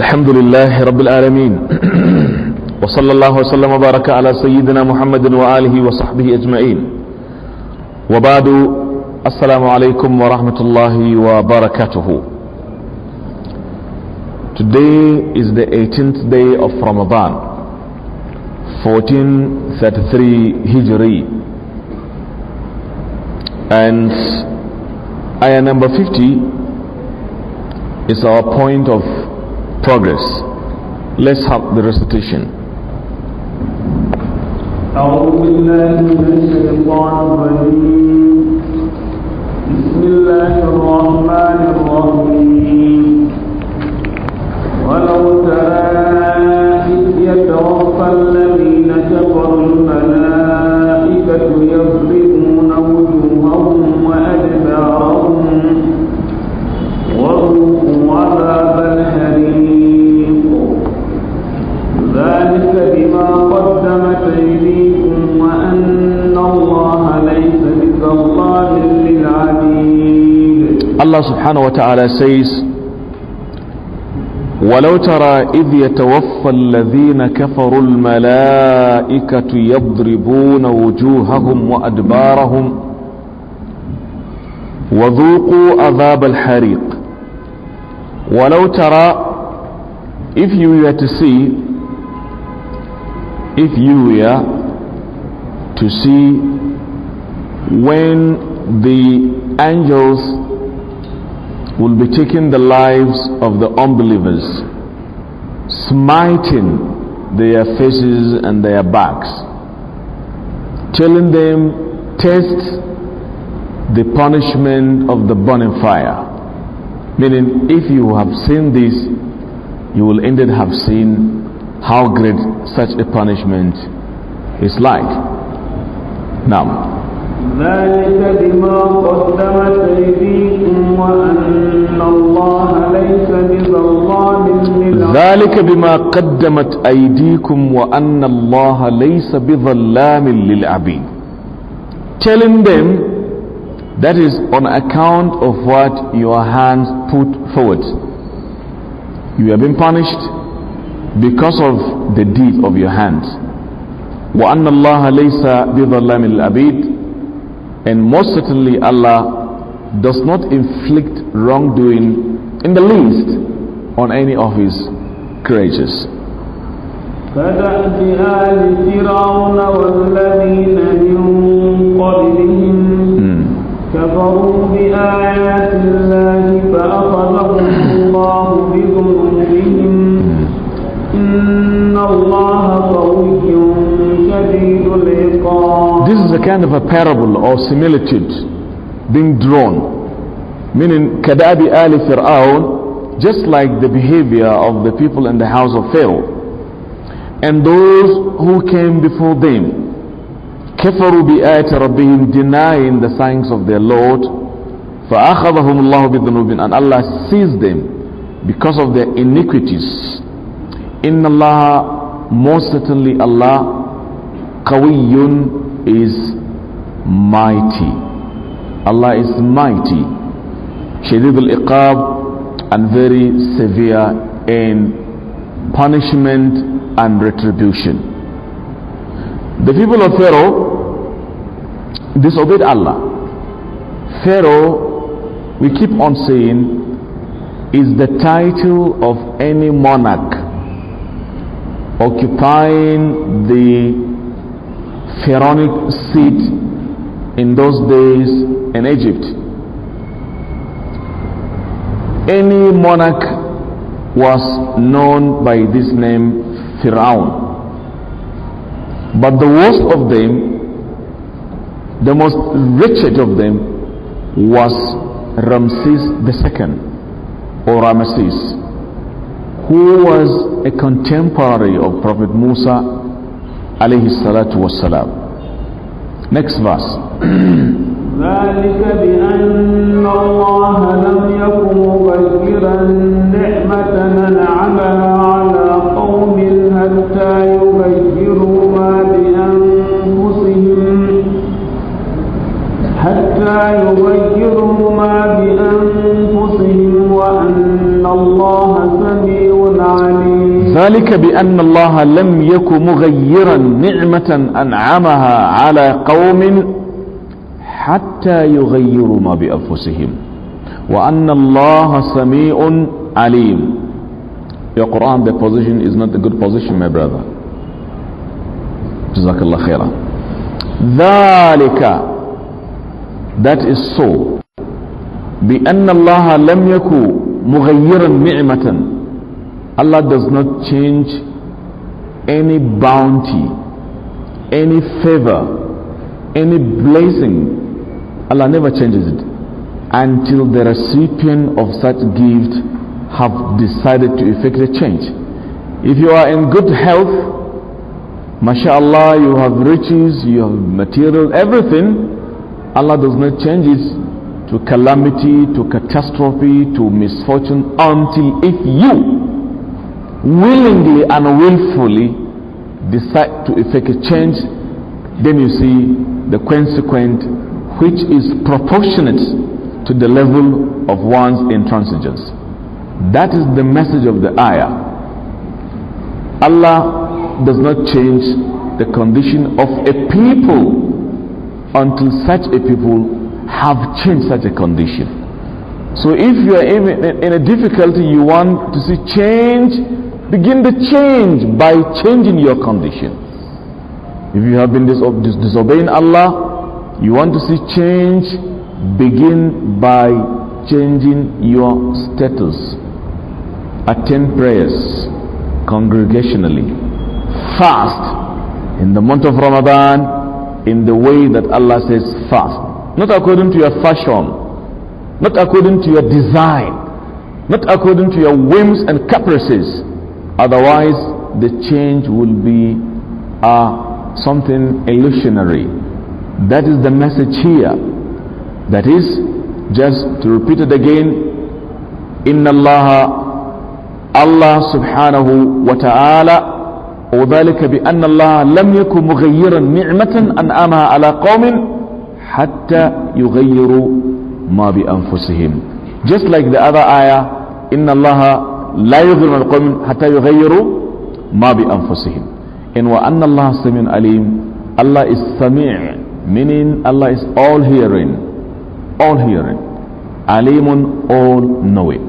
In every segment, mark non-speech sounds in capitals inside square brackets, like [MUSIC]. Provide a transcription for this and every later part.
الحمد لله رب العالمين وصلى الله وسلم وبارك على سيدنا محمد وآله وصحبه أجمعين وبعد السلام عليكم ورحمة الله وبركاته Today is the 18th day of Ramadan 1433 Hijri and ayah number 50 is our point of progress. Let's have the recitation. أعوذ بالله من الشيطان الرجيم بسم الله الرحمن الرحيم ولو ترى إذ يتوفى الذين كفروا الملائكة الله سبحانه وتعالى سيس ولو ترى إذ يتوفى الذين كفروا الملائكة يضربون وجوههم وأدبارهم وذوقوا أذاب الحريق ولو ترى if you were to see if you were to see when the angels will be taking the lives of the unbelievers, smiting their faces and their backs, telling them, Taste the punishment of the burning fire. Meaning, if you have seen this, you will indeed have seen how great such a punishment is like. Now, ذلك بما قدمت أيديكم وأن الله ليس بظلام ذلك بما قدمت أيديكم وأن الله ليس بظلام للعبيد telling them That is on account of what your hands put forward. You have been punished because of the deed of your hands. وأن الله ليس بظلام للعبيد And most certainly, Allah does not inflict wrongdoing in the least on any of His creatures. Hmm. Hmm. Hmm. a kind of a parable or similitude being drawn, meaning Kadabi Ali Fir'aun, just like the behavior of the people in the house of Pharaoh and those who came before them. كفروا بآيات ربهم denying the signs of their Lord فأخذهم الله بذنوب and Allah seized them because of their iniquities إن الله most certainly Allah قوي is mighty. Allah is mighty, shadid al-iqab and very severe in punishment and retribution. The people of Pharaoh disobeyed Allah. Pharaoh, we keep on saying, is the title of any monarch occupying the pharaonic seat in those days in Egypt. Any monarch was known by this name Pharaoh. But the worst of them, the most wretched of them, was Ramses II or Ramesses, who was a contemporary of Prophet Musa alayhi salatu next verse بأن الله لم يك مغيرا نعمة أنعمها على قوم حتى يغيروا ما بأنفسهم وأن الله سميع عليم Your Quran, the position is not a good position, my brother. Jazakallah خيرا. ذلك That is so. بأن الله لم يكن مغيرا نعمة Allah does not change any bounty, any favor, any blessing. Allah never changes it until the recipient of such gift have decided to effect a change. If you are in good health, mashallah, you have riches, you have material, everything, Allah does not change it to calamity, to catastrophe, to misfortune until if you willingly and willfully decide to effect a change, then you see the consequent which is proportionate to the level of one's intransigence. That is the message of the ayah. Allah does not change the condition of a people until such a people have changed such a condition. So if you are in, in a difficulty, you want to see change Begin the change by changing your condition. If you have been disobeying Allah, you want to see change, begin by changing your status. Attend prayers congregationally. Fast in the month of Ramadan in the way that Allah says fast. Not according to your fashion, not according to your design, not according to your whims and caprices. Otherwise, the change will be uh, something illusionary. That is the message here. That is, just to repeat it again, allah Allah Subhanahu wa Taala, وذلك بأن الله لم يكن مغيرا نعمة أنعمها على قوم حتى يغيروا ما بأنفسهم just like the other ayah إن الله لا يظلم القوم حتى يغيروا ما بأنفسهم إن وأن الله سميع عليم Allah is سميع meaning Allah is all hearing all hearing عليم all knowing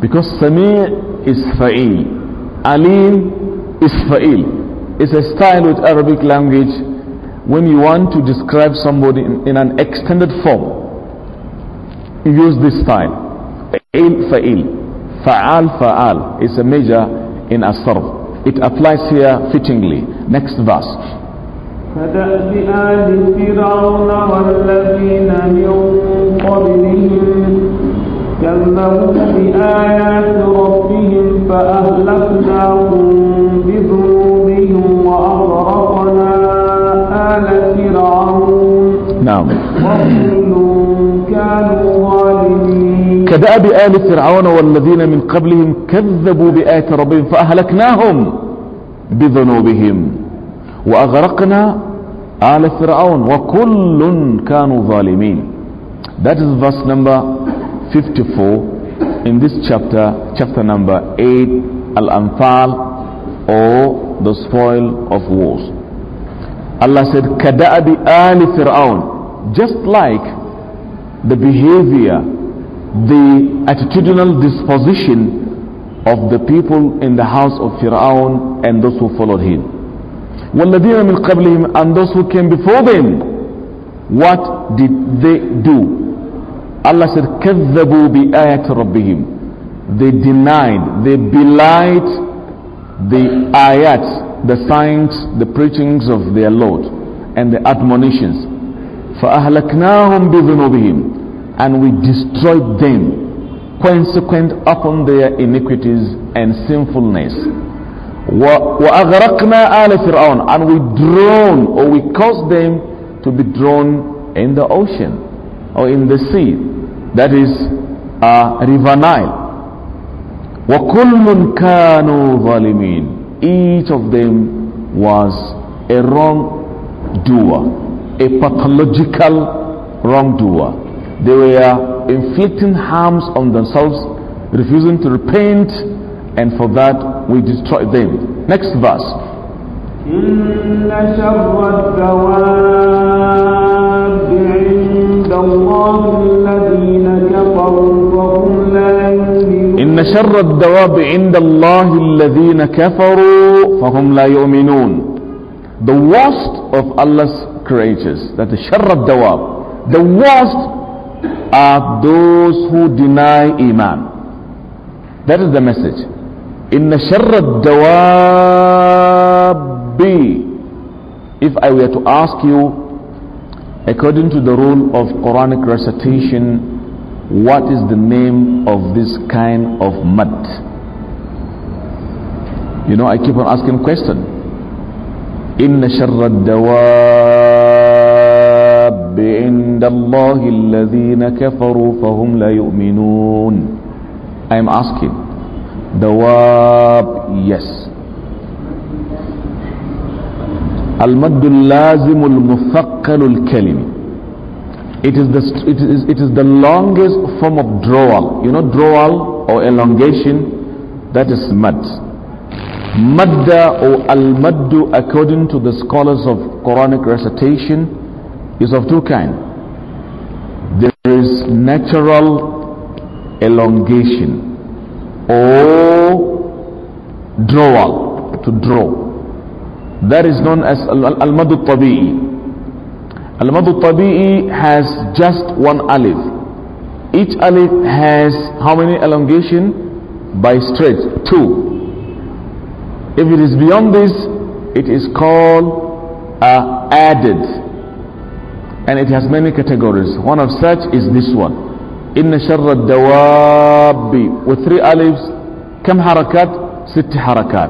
because سميع is فعيل عليم is فعيل it's a style with Arabic language when you want to describe somebody in, in an extended form you use this style فعيل فعيل Fa'al, fa'al is a major in Asarb. It applies here fittingly. Next verse. فدأب آل فرعون والذين من قبلهم كذبوا بآيات ربهم فأهلكناهم بذنوبهم وأغرقنا آل فرعون نعم كدأب آل فرعون والذين من قبلهم كذبوا بآيات ربهم فأهلكناهم بذنوبهم وأغرقنا آل فرعون وكل كانوا ظالمين That is verse number 54 in this chapter, chapter number 8, Al-Anfal or the spoil of wars. Allah said, كَدَأَبِ آلِ فِرْعَوْنَ Just like the behavior the attitudinal disposition of the people in the house of Fir'aun and those who followed him. وَالَّذِينَ مِنْ قَبْلِهِمْ And those who came before them, what did they do? Allah said, كَذَّبُوا بِآيَةِ رَبِّهِمْ They denied, they belied the ayat, the signs, the preachings of their Lord and the admonitions. فَأَهْلَكْنَاهُمْ بِذُنُوبِهِمْ and we destroyed them, consequent upon their iniquities and sinfulness. And we drown or we caused them to be drawn in the ocean or in the sea. That is a River Nile. وَكُلٌّ كَانُوا ظَالِمِينَ Each of them was a wrongdoer, a pathological wrongdoer they were inflicting harms on themselves, refusing to repent, and for that we destroyed them. Next verse. إن شر الدواب عند الله الذين كفروا وهم لا يؤمنون إن شر الدواب عند الله الذين كفروا فهم لا يؤمنون The worst of Allah's creatures, that is شر الدواب, the worst are those who deny Iman. That is the message. In sharra dawabi. If I were to ask you, according to the rule of Quranic recitation, what is the name of this kind of mud? You know, I keep on asking question. In sharra dawabi. عند الله الذين كفروا فهم لا يؤمنون I am asking دواب yes المد اللازم المثقل الكلمي it is the it is, it is the longest form of drawal you know drawal or elongation that is mad madda or al maddu according to the scholars of quranic recitation is of two kinds. There is natural elongation or drawal to draw. That is known as al-madu tabi'i. Al-madu tabi'i has just one alif. Each alif has how many elongation? By stretch, two. If it is beyond this, it is called added and it has many categories. One of such is this one. Inna sharra الدواب with three alifs kam harakat, ست harakat.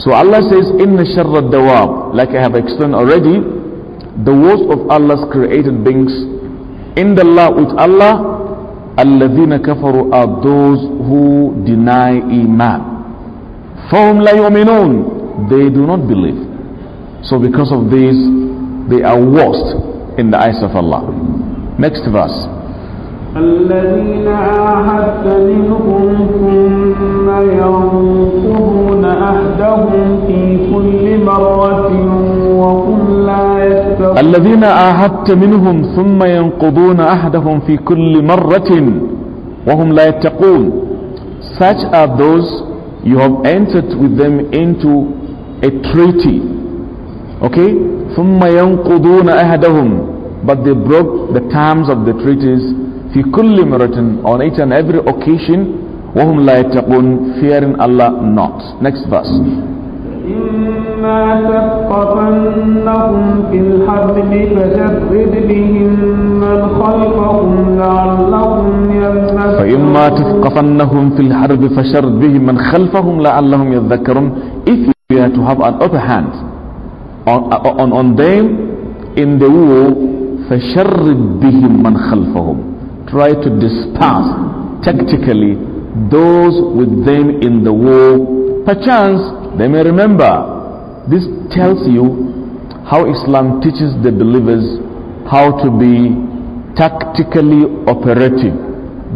so Allah says Inna sharra Dawab. like I have explained already the worst of Allah's created beings in the law with Allah الذين kafaru are those who deny iman فهم la yuminun. they do not believe so because of this they are worst in the eyes of Allah. Next verse. الذين عاهدت منهم ثم ينقضون عهدهم في كل مرة وهم لا يستطيعون الذين عاهدت منهم ثم ينقضون عهدهم في كل مرة وهم لا يتقون Such are those you have entered with them into a treaty Okay? ثم ينقضون أهدهم but they broke the terms of the treaties في كل مرة on each and every occasion وهم لا يتقون fearing Allah not next verse إما تثقفنهم في الحرب فشرد بهم من خلفهم لعلهم يذكرون فإما تثقفنهم في الحرب فشرد بهم من خلفهم لعلهم يذكرون if you are to have an upper hand on, uh, on, on them in the war try to disperse tactically those with them in the war perchance they may remember this tells you how Islam teaches the believers how to be tactically operative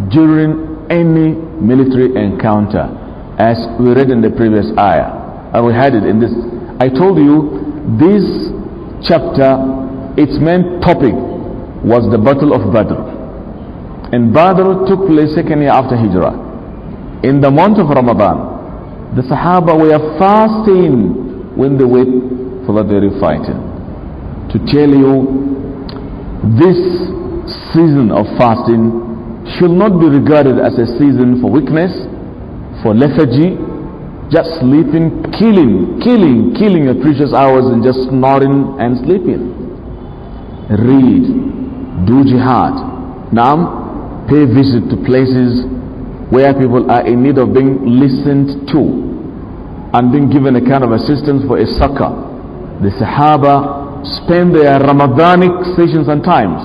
during any military encounter as we read in the previous ayah and we had it in this I told you this chapter, its main topic was the Battle of Badr. And Badr took place second year after Hijrah. In the month of Ramadan, the Sahaba were fasting when they wait for the very fighting. To tell you, this season of fasting should not be regarded as a season for weakness, for lethargy, just sleeping, killing, killing, killing your precious hours and just snoring and sleeping. Read, do jihad. Now, pay visit to places where people are in need of being listened to and being given a kind of assistance for a sucker. The Sahaba spend their Ramadanic sessions and times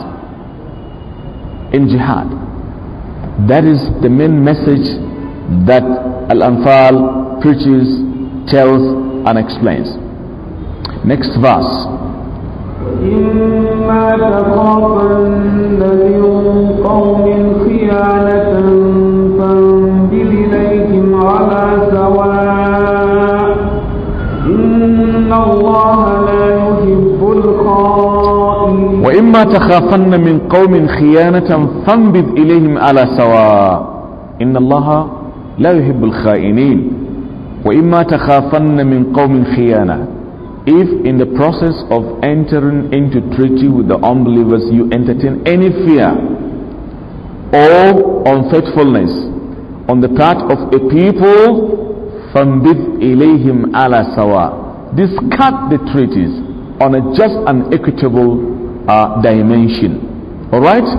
in jihad. That is the main message that Al-Anfal preaches, tells and explains. Next verse. وإما تخافن من قوم خيانة فانبذ إليهم على سواء إن الله لا يحب الخائنين وإما تخافن من قوم خيانة if in the process of entering into treaty with the unbelievers you entertain any fear or unfaithfulness on the part of a people فَانْبِذْ إِلَيْهِمْ عَلَى سَوَى discard the treaties on a just and equitable uh, dimension alright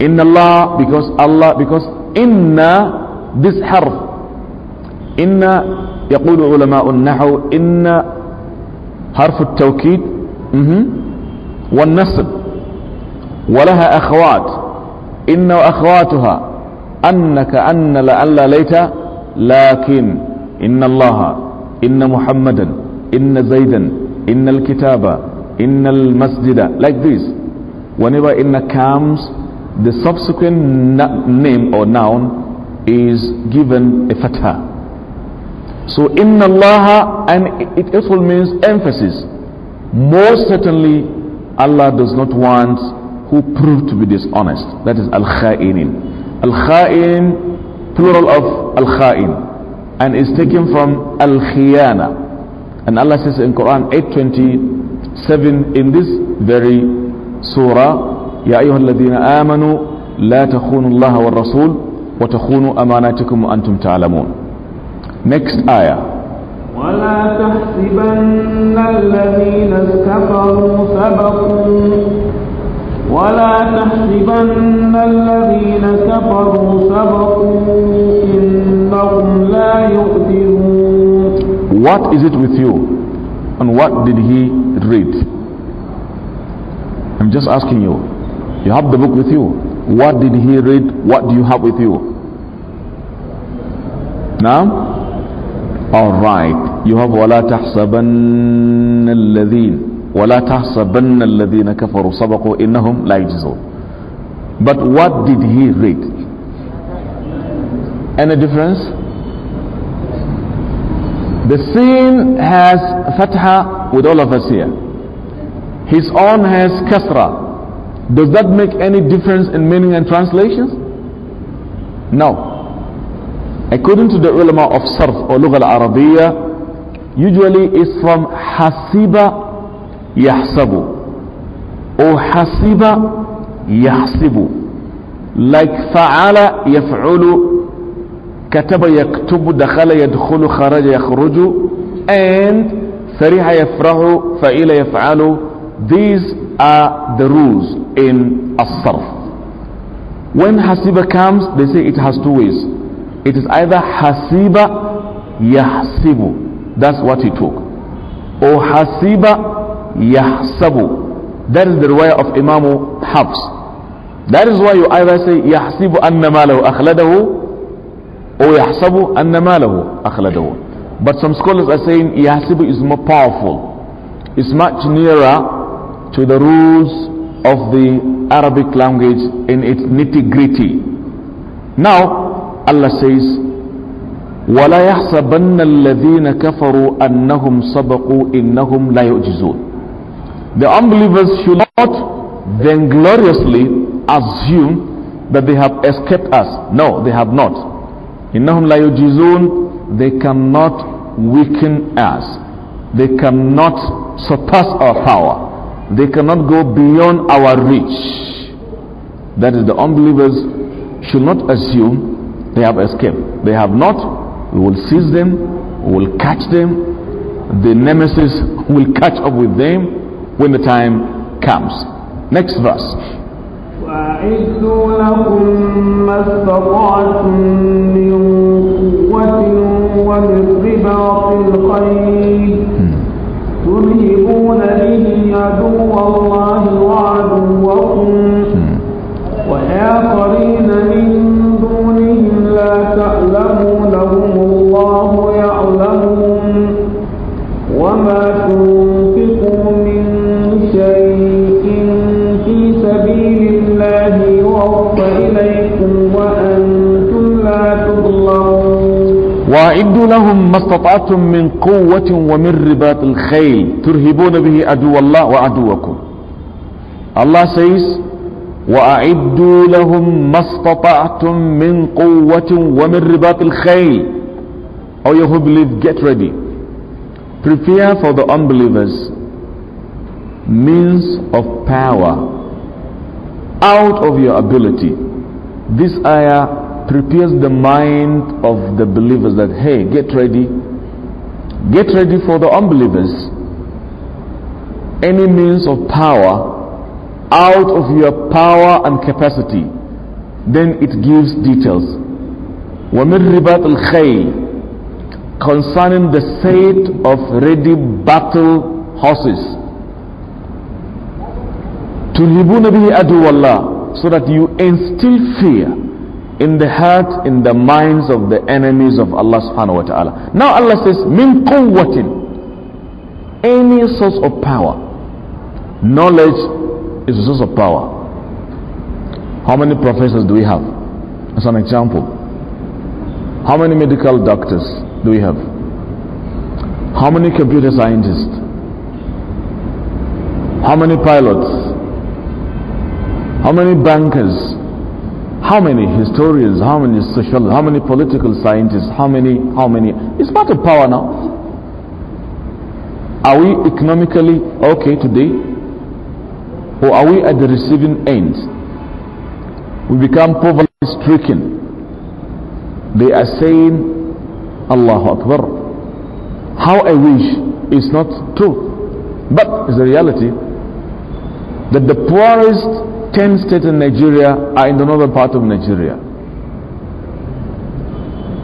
in Allah because Allah because inna بس حرف إن يقول علماء النحو إن حرف التوكيد والنصب ولها أخوات إن وأخواتها أنك أن لألا ليت لكن إن الله إن محمدا إن زيدا إن الكتاب إن المسجد like this whenever إن comes the subsequent name or noun is given a fatah. So inna Allah and it also means emphasis. Most certainly Allah does not want who prove to be dishonest. That is al-kha'inin. Al-kha'in plural of al-kha'in and is taken from al-khiyana. And Allah says in Quran 827 in this very surah Ya أيها الذين آمنوا لا Allah الله والرسول وتخونوا أماناتكم وأنتم تعلمون next ayah آية. ولا تحسبن الذين كفروا سبقوا ولا تحسبن الذين كفروا سبقوا إنهم لا يؤمنون What is it with you? And what did he read? I'm just asking you. You have the book with you. What did he read? What do you have with you? Now? All right. You have ولا تحسبن الذين ولا تحسبن الذين كفروا سبقوا إنهم لا يجزون. But what did he read? Any difference? The scene has fatha with all of us here. His own has kasra does that make any difference in meaning and translations? No. According to the ulama of Sarf or Lugha al-Arabiya, usually it's from Hasiba Yahsabu or Hasiba Yahsibu. Like Fa'ala Yaf'ulu, Kataba Yaktubu, Dakhala Yadkhulu, Kharaja Yakhruju, and Fariha Yafrahu, Fa'ila Yaf'alu. These are the rules in as-sarf. When hasiba comes, they say it has two ways. It is either hasiba yahsibu, that's what he took, or hasiba yahsabu. That is the way of Imam Hafs. That is why you either say yahsibu anna malahu akhladahu or yahsabu anna malahu akhladahu. But some scholars are saying yahsibu is more powerful. It's much nearer to the rules of the Arabic language in its nitty gritty. Now, Allah says, ولا يحسبن الذين كفروا أنهم سبقوا إنهم لا يعجزون The unbelievers should not vaingloriously assume that they have escaped us. No, they have not. إنهم لا يعجزون They cannot weaken us. They cannot surpass our power they cannot go beyond our reach. That is, the unbelievers should not assume they have escaped. They have not. We will seize them, we will catch them. The nemesis will catch up with them when the time comes. Next verse. لكم ما استطعتم من قوة ومن رباط عدو الله وأعدوا لهم ما استطعتم من قوة ومن رباط الخيل ترهبون به عدو الله وعدوكم الله says وأعدوا لهم ما استطعتم من قوة ومن رباط الخيل أو oh, you who believe get ready Prepare for the unbelievers means of power out of your ability This ayah prepares the mind of the believers that, hey, get ready. Get ready for the unbelievers. Any means of power out of your power and capacity. Then it gives details. Concerning the state of ready battle horses. To بِهِ أَدُوَ اللَّهِ So that you instill fear in the heart, in the minds of the enemies of Allah subhanahu wa ta'ala. Now Allah says, min quwwatin, any source of power. Knowledge is a source of power. How many professors do we have? As an example. How many medical doctors do we have? How many computer scientists? How many pilots? How many bankers? How many historians, how many social, how many political scientists, how many, how many? It's part of power now. Are we economically okay today? Or are we at the receiving end? We become poverty stricken. They are saying, Allahu Akbar. How I wish is not true. But it's a reality that the poorest 10 states in Nigeria are in the northern part of Nigeria.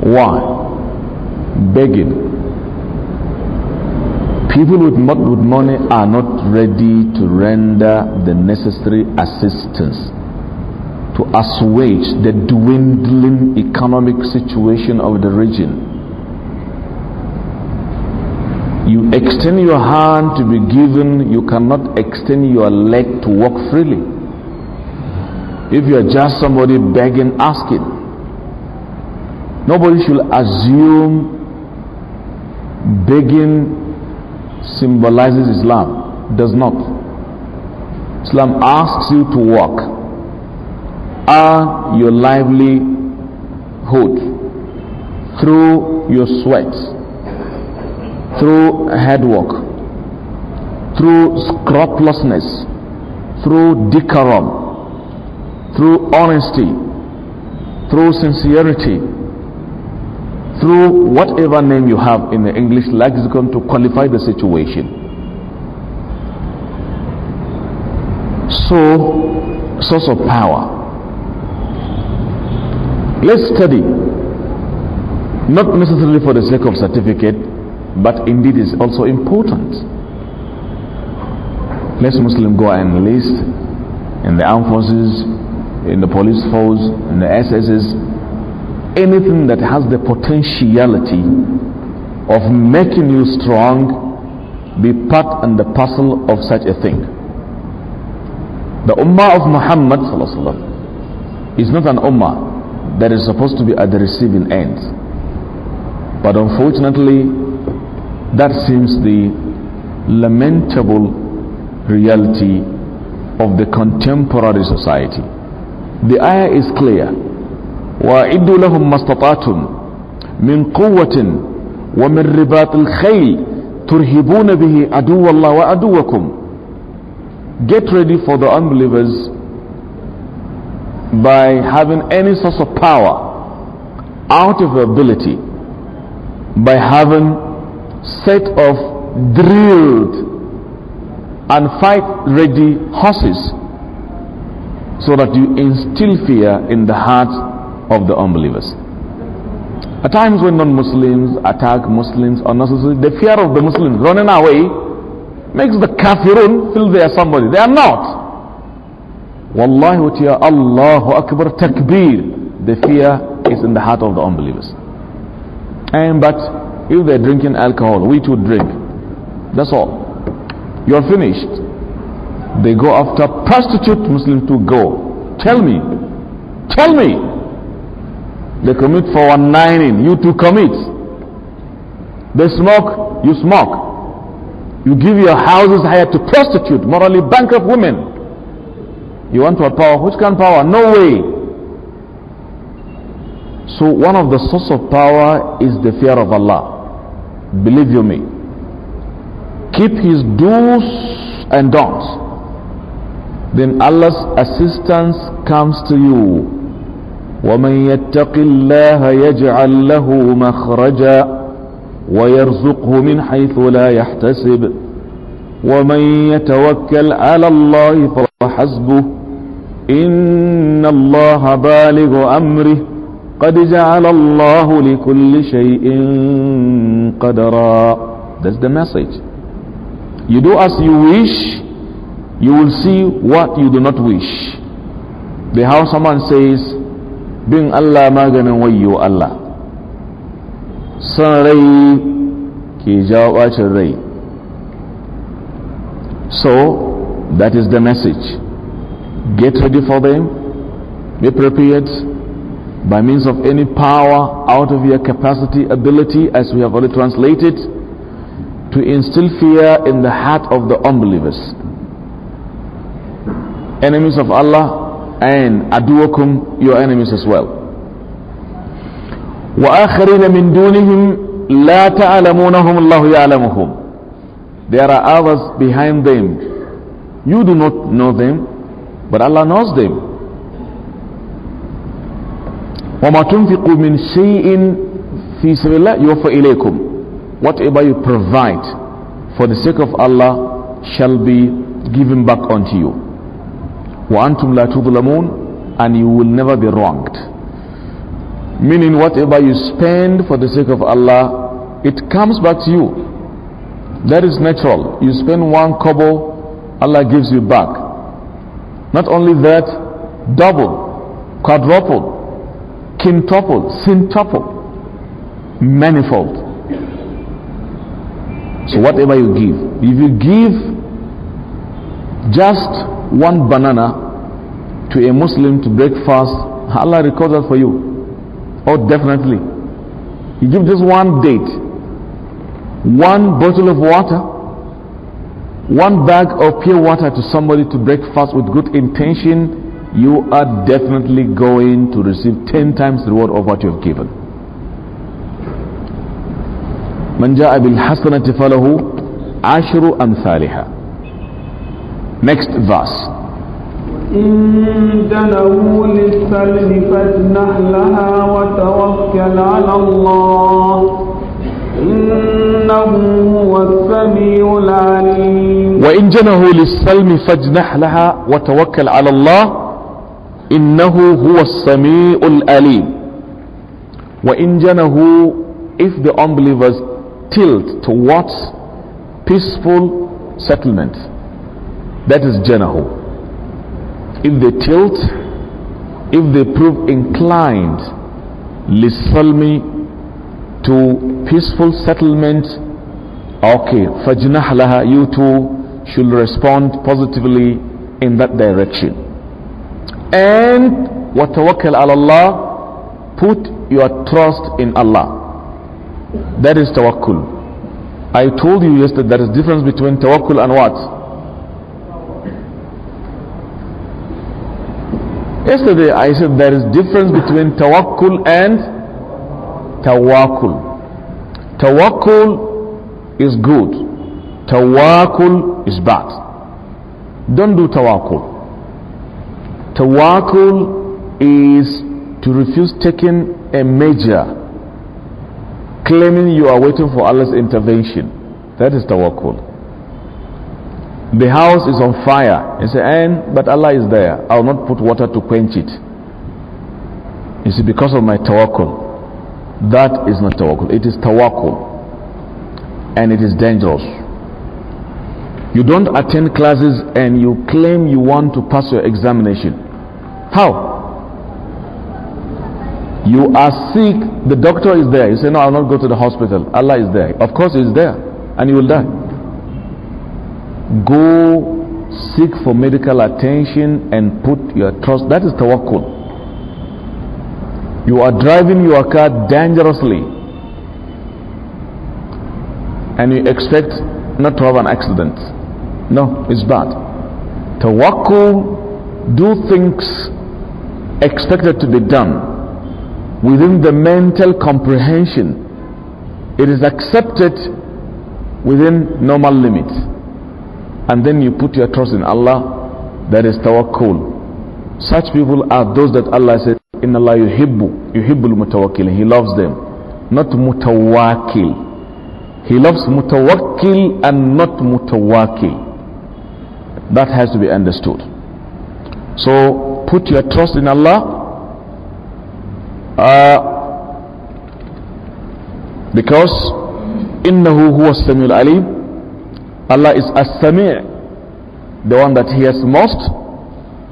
Why? Begging. People with, not, with money are not ready to render the necessary assistance to assuage the dwindling economic situation of the region. You extend your hand to be given, you cannot extend your leg to walk freely. If you are just somebody begging, asking. Nobody should assume begging symbolizes Islam. Does not. Islam asks you to work. Earn your livelihood through your sweat, through hard work, through scrupulousness, through decorum through honesty, through sincerity, through whatever name you have in the English lexicon to qualify the situation. So, source of power. Let's study, not necessarily for the sake of certificate, but indeed is also important. Let's Muslim go and enlist in the armed forces, in the police force, in the SSs, anything that has the potentiality of making you strong be part and the parcel of such a thing. The Ummah of Muhammad is not an Ummah that is supposed to be at the receiving end. But unfortunately, that seems the lamentable reality of the contemporary society. The ayah is clear. وَأَعِدُّوا لَهُمْ مَسْتَطَعْتُمْ مِنْ قُوَّةٍ وَمِنْ رِبَاطِ الْخَيْلِ تُرْهِبُونَ بِهِ عَدُوَّ اللَّهِ وَعَدُوَّكُمْ Get ready for the unbelievers by having any source of power out of ability by having set of drilled and fight ready horses so that you instill fear in the hearts of the unbelievers. At times when non Muslims attack Muslims unnecessarily, the fear of the Muslims running away makes the kafirun feel they are somebody. They are not. Wallahi wa Allahu Akbar takbir. The fear is in the heart of the unbelievers. And but if they're drinking alcohol, we too drink. That's all. You're finished they go after prostitute Muslim to go. Tell me. Tell me. They commit 419, you two commit. They smoke, you smoke. You give your houses hire to prostitute, morally bankrupt women. You want what power? Which kind of power? No way. So one of the source of power is the fear of Allah. Believe you me. Keep his do's and don'ts then Allah's assistance comes to you. ومن يتق الله يجعل له مخرجا ويرزقه من حيث لا يحتسب ومن يتوكل على الله فهو إن الله بالغ أمره قد جعل الله لكل شيء قدرا That's the message. You do as you wish you will see what you do not wish. The how someone says, "Bing Allah maganin wayo Allah, son rai ke jawo rai. So, that is the message. Get ready for them, be prepared by means of any power out of your capacity, ability, as we have already translated, to instill fear in the heart of the unbelievers enemies of Allah and aduakum your enemies as well وآخرين من دونهم لا تعلمونهم الله يعلمهم there are others behind them you do not know them but Allah knows them وما تنفقوا من شيء في سبيل الله يوفى إليكم whatever you provide for the sake of Allah shall be given back unto you وأنتم لا تظلمون and you will never be wronged meaning whatever you spend for the sake of Allah it comes back to you that is natural you spend one kobo Allah gives you back not only that double quadruple quintuple centuple manifold so whatever you give if you give just one banana to a Muslim to break fast, Allah records that for you. Oh, definitely. You give just one date, one bottle of water, one bag of pure water to somebody to break fast with good intention, you are definitely going to receive 10 times the reward of what you have given. من جاء بالحسنة فله عشر أمثالها Next verse. إن دنوا للسلم فاجنح لها وتوكل على الله إنه هو السميع العليم وإن جنه للسلم فاجنح لها وتوكل على الله إنه هو السميع العليم وإن جنه if the unbelievers tilt towards peaceful settlement that is jannah. If they tilt, if they prove inclined, lisalmi to peaceful settlement, okay, fajnah laha, you too should respond positively in that direction. And watawakkal ala Allah, put your trust in Allah. That is tawakkul. I told you yesterday there is difference between tawakkul and what? Yesterday I said there is difference between tawakkul and tawakkul. Tawakkul is good. Tawakkul is bad. Don't do tawakkul. Tawakkul is to refuse taking a measure claiming you are waiting for Allah's intervention. That is tawakkul the house is on fire. You say, and but Allah is there. I will not put water to quench it. You see, because of my tawakkul. That is not tawakkul. It is tawakkul. And it is dangerous. You don't attend classes and you claim you want to pass your examination. How? You are sick, the doctor is there. You say, No, I'll not go to the hospital. Allah is there. Of course, He is there. And you will die go seek for medical attention and put your trust. That is tawakkul. You are driving your car dangerously and you expect not to have an accident. No, it's bad. Tawakkul, do things expected to be done within the mental comprehension. It is accepted within normal limits and then you put your trust in Allah, that is tawakkul. Such people are those that Allah said, in Allah yuhibbu, yuhibbul mutawakkil. He loves them, not mutawakkil. He loves mutawakkil and not mutawakkil. That has to be understood. So put your trust in Allah. Uh, because إنه هو السميع العليم Allah is As-Sami' the one that hears most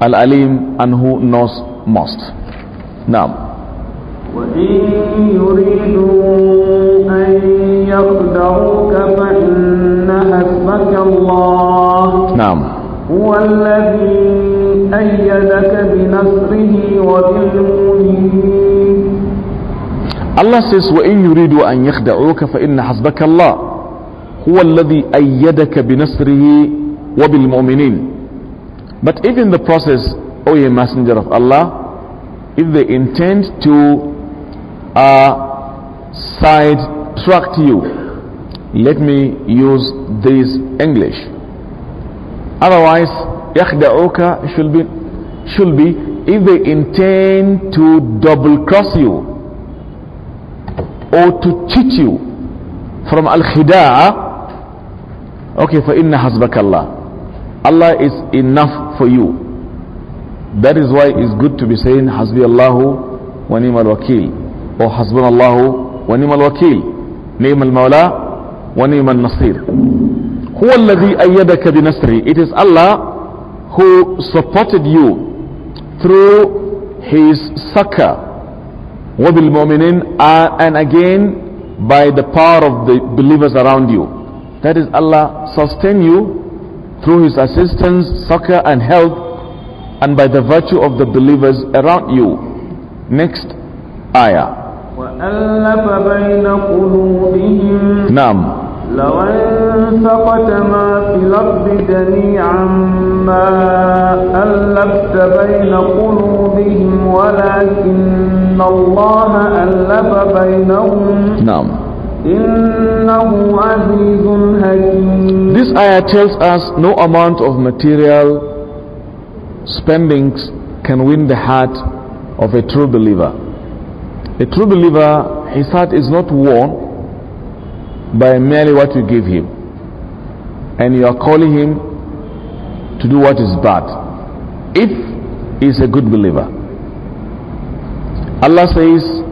Al-Alim and who knows most نعم وإن يريدوا أن يخدعوك فإن حسبك الله نعم هو الذي أيدك بنصره وبالمؤمنين الله says وإن يريدوا أن يخدعوك فإن حسبك الله هو الذي أيدك بنصره وبالمؤمنين But if in the process, O ye messenger of Allah, if they intend to uh, sidetrack you, let me use this English. Otherwise, يخدعوك should be, should be if they intend to double cross you or to cheat you from al khida'. Okay, for inna hasbakallah. Allah is enough for you. That is why it's good to be saying hasbi Allahu wa ni'mal wakil or hasbun Allahu wa ni'mal wakil, ni'mal mawla wa ni'mal nasir. Huwa alladhi ayyadaka bi nasri. It is Allah who supported you through his succor wa bil mu'minin uh, and again by the power of the believers around you. That is Allah sustain you through His assistance, succor and help and by the virtue of the believers around you. Next ayah. وألف بين قلوبهم نعم لو انفقت ما في الأرض جميعا ما ألفت بين قلوبهم ولكن الله ألف بينهم نعم this ayah tells us no amount of material spendings can win the heart of a true believer. A true believer, his heart is not won by merely what you give him. And you are calling him to do what is bad. If he is a good believer. Allah says,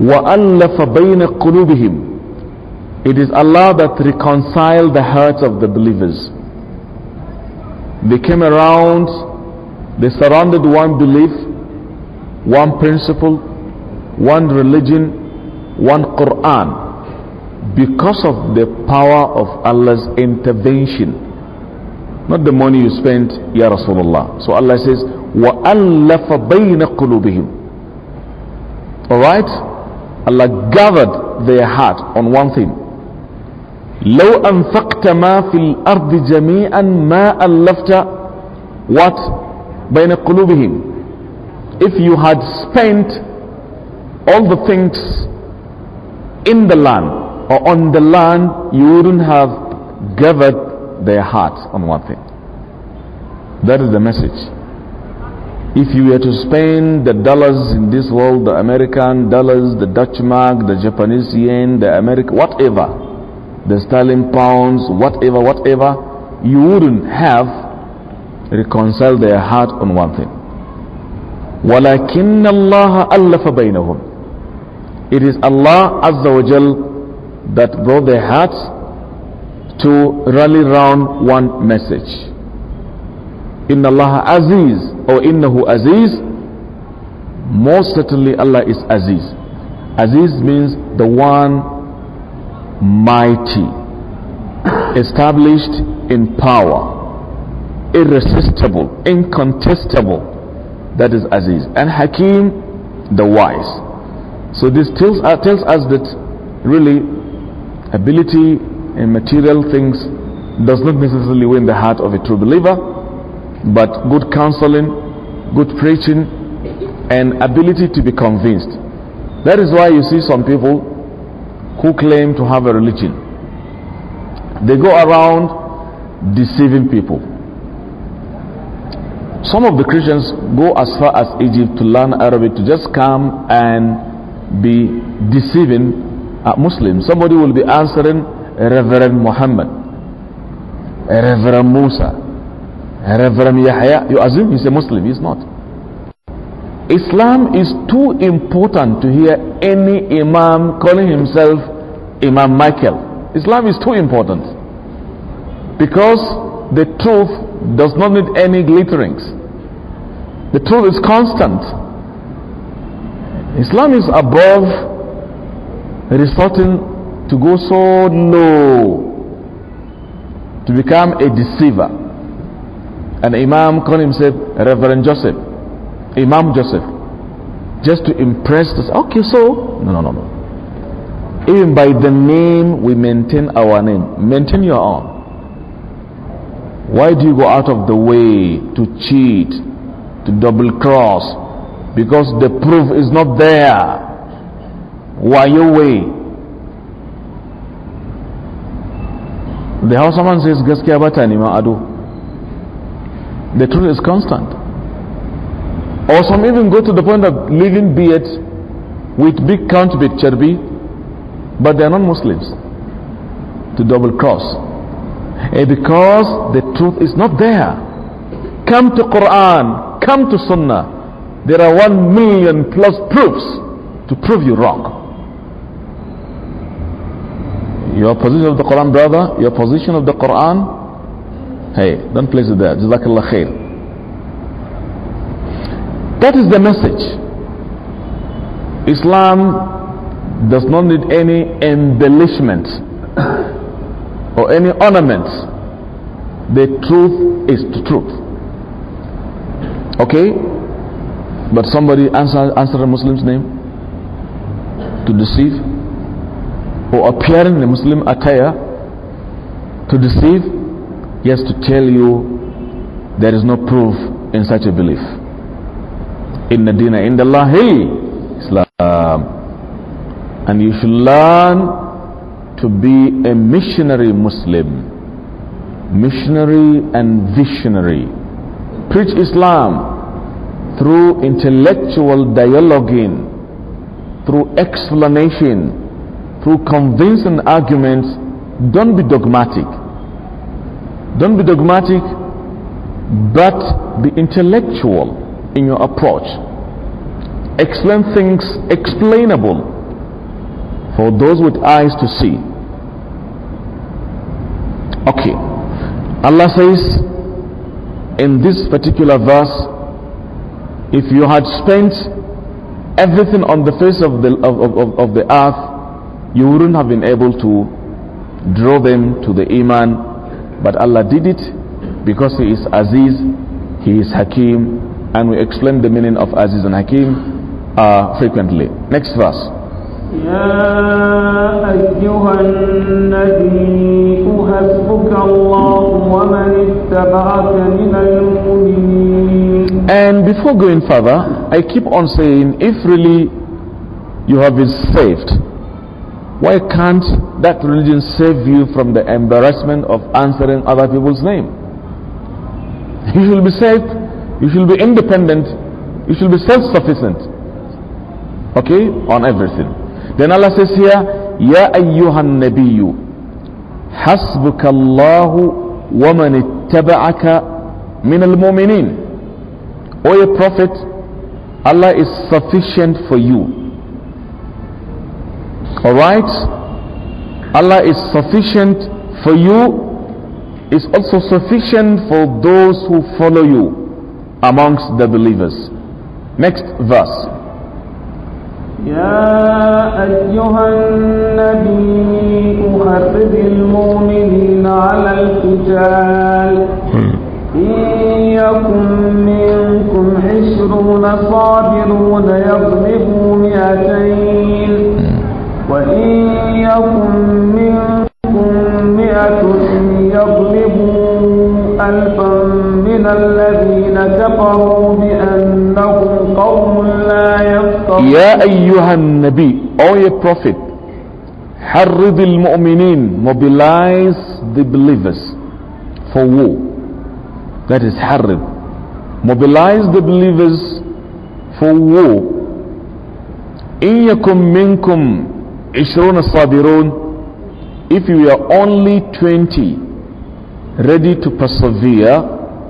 وَأَلَّفَ بَيْنَ قُلُوبِهِمْ It is Allah that reconciled the hearts of the believers. They came around, they surrounded one belief, one principle, one religion, one Quran because of the power of Allah's intervention. Not the money you spent, Ya Rasulullah. So Allah says, وَأَلَّفَ بَيْنَ قُلُوبِهِمْ Alright? Allah gathered their heart on one thing. لو أنفقت ما في الأرض جميعا ما ألفت what بين قلوبهم if you had spent all the things in the land or on the land you wouldn't have gathered their hearts on one thing that is the message if you were to spend the dollars in this world, the American dollars, the Dutch mark, the Japanese yen, the American, whatever, the sterling pounds, whatever, whatever, you wouldn't have reconciled their heart on one thing. ولكن الله ألف بينهم. It is Allah Azza wa Jal that brought their hearts to rally round one message. Inna Allah Aziz or Hu Aziz. Most certainly Allah is Aziz. Aziz means the one mighty, established in power, irresistible, incontestable. That is Aziz. And Hakim, the wise. So this tells, uh, tells us that really ability in material things does not necessarily win the heart of a true believer but good counseling, good preaching, and ability to be convinced. That is why you see some people who claim to have a religion. They go around deceiving people. Some of the Christians go as far as Egypt to learn Arabic to just come and be deceiving Muslims. Somebody will be answering Reverend Muhammad, Reverend Musa, Reverend Yahya, you assume he's a Muslim. He's not. Islam is too important to hear any Imam calling himself Imam Michael. Islam is too important because the truth does not need any glitterings. The truth is constant. Islam is above resorting to go so low to become a deceiver. An imam called himself Reverend Joseph, Imam Joseph, just to impress us. Okay, so, no, no, no, no. Even by the name, we maintain our name. Maintain your own. Why do you go out of the way to cheat, to double cross? Because the proof is not there. Why you way? The house man says gaskiya bata ma ado. The truth is constant. Or some even go to the point of be beards with big count bit cherby, but they are not Muslims to double cross. And eh, because the truth is not there. Come to Quran, come to Sunnah. There are one million plus proofs to prove you wrong. Your position of the Quran, brother, your position of the Quran Hey, don't place it there. Jazakallah khair. That is the message. Islam does not need any embellishment or any ornaments. The truth is the truth. Okay? But somebody answer, answer a Muslim's name to deceive or appearing in a Muslim attire to deceive yes to tell you there is no proof in such a belief in the dina lahi islam and you should learn to be a missionary muslim missionary and visionary preach islam through intellectual dialoguing through explanation through convincing arguments don't be dogmatic don't be dogmatic, but be intellectual in your approach. Explain things explainable for those with eyes to see. Okay. Allah says in this particular verse, if you had spent everything on the face of the, of, of, of the earth, you wouldn't have been able to draw them to the Iman but Allah did it because He is Aziz, He is Hakim, and we explain the meaning of Aziz and Hakim uh, frequently. Next verse. يا أيها النبي حسبك الله ومن اتبعك من المؤمنين And before going further, I keep on saying if really you have been saved why can't that religion save you from the embarrassment of answering other people's name? You should be safe. You should be independent. You should be self-sufficient. Okay? On everything. Then Allah says here, Ya ayyuhan nabiyyu, hasbuka Allahu wa man ittaba'aka min al-mu'minin. O ye prophet, Allah is sufficient for you Alright? Allah is sufficient for you, is also sufficient for those who follow you amongst the believers. Next verse. يا أيها النبي أحرض المؤمنين على القتال hmm. إن يكن منكم عشرون صابرون يضربوا مئتين وإن منكم مئة ألفا من الذين كفروا بأنهم قوم لا يا أيها النبي أو يا prophet حرض المؤمنين mobilize the believers for war that is حرض mobilize the believers for war إن يكن منكم if you are only 20 ready to persevere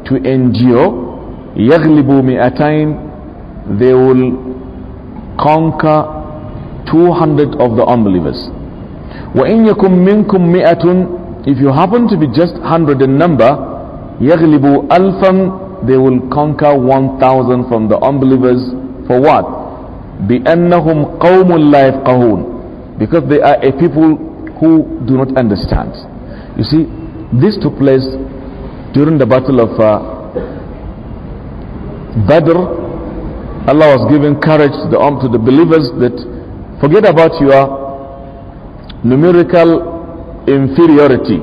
to endure يغلبوا مئتين they will conquer 200 of the unbelievers وإن يكن منكم مئة if you happen to be just 100 in number yaglibu alfan, they will conquer 1000 from the unbelievers for what annahum قوم لا يفقهون because they are a people who do not understand. You see, this took place during the battle of uh, Badr. Allah was giving courage to the, um, to the believers that forget about your numerical inferiority.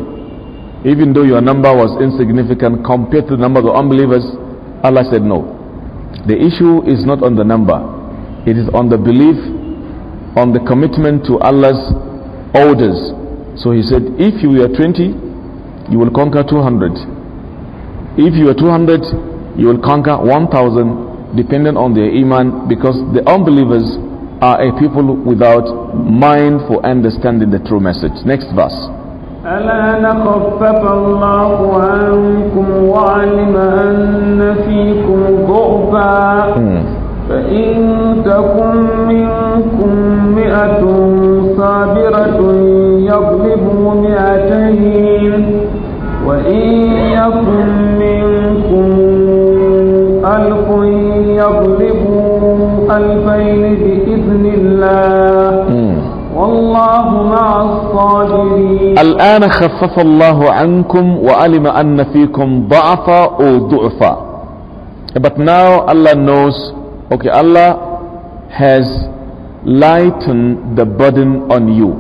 Even though your number was insignificant compared to the number of the unbelievers, Allah said no. The issue is not on the number, it is on the belief on the commitment to Allah's orders. So he said, if you are 20, you will conquer 200. If you are 200, you will conquer 1,000, depending on their iman, because the unbelievers are a people without mind for understanding the true message. Next verse. ألا نخفف الله عنكم وعلم أن فيكم ضعفا hmm. فإن تكن منكم مئة صابرة يغلبوا مئتين وإن يكن منكم ألف يغلبوا ألفين بإذن الله والله مع الصابرين الآن خفف الله عنكم وعلم أن فيكم ضعفا أو ضعفا But now Allah knows Okay, Allah has lightened the burden on you.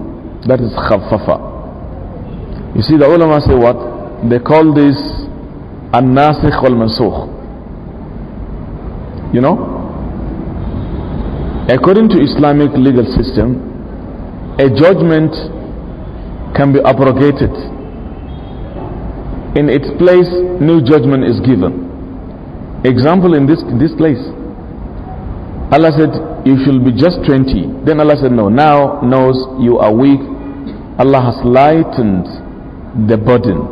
That is khaffafa. You see, the ulama say what? They call this an-nasikh wal-mansukh. You know? According to Islamic legal system, a judgment can be abrogated. In its place, new judgment is given. Example in this, this place. Allah said, You should be just 20. Then Allah said, No, now knows you are weak. Allah has lightened the burden.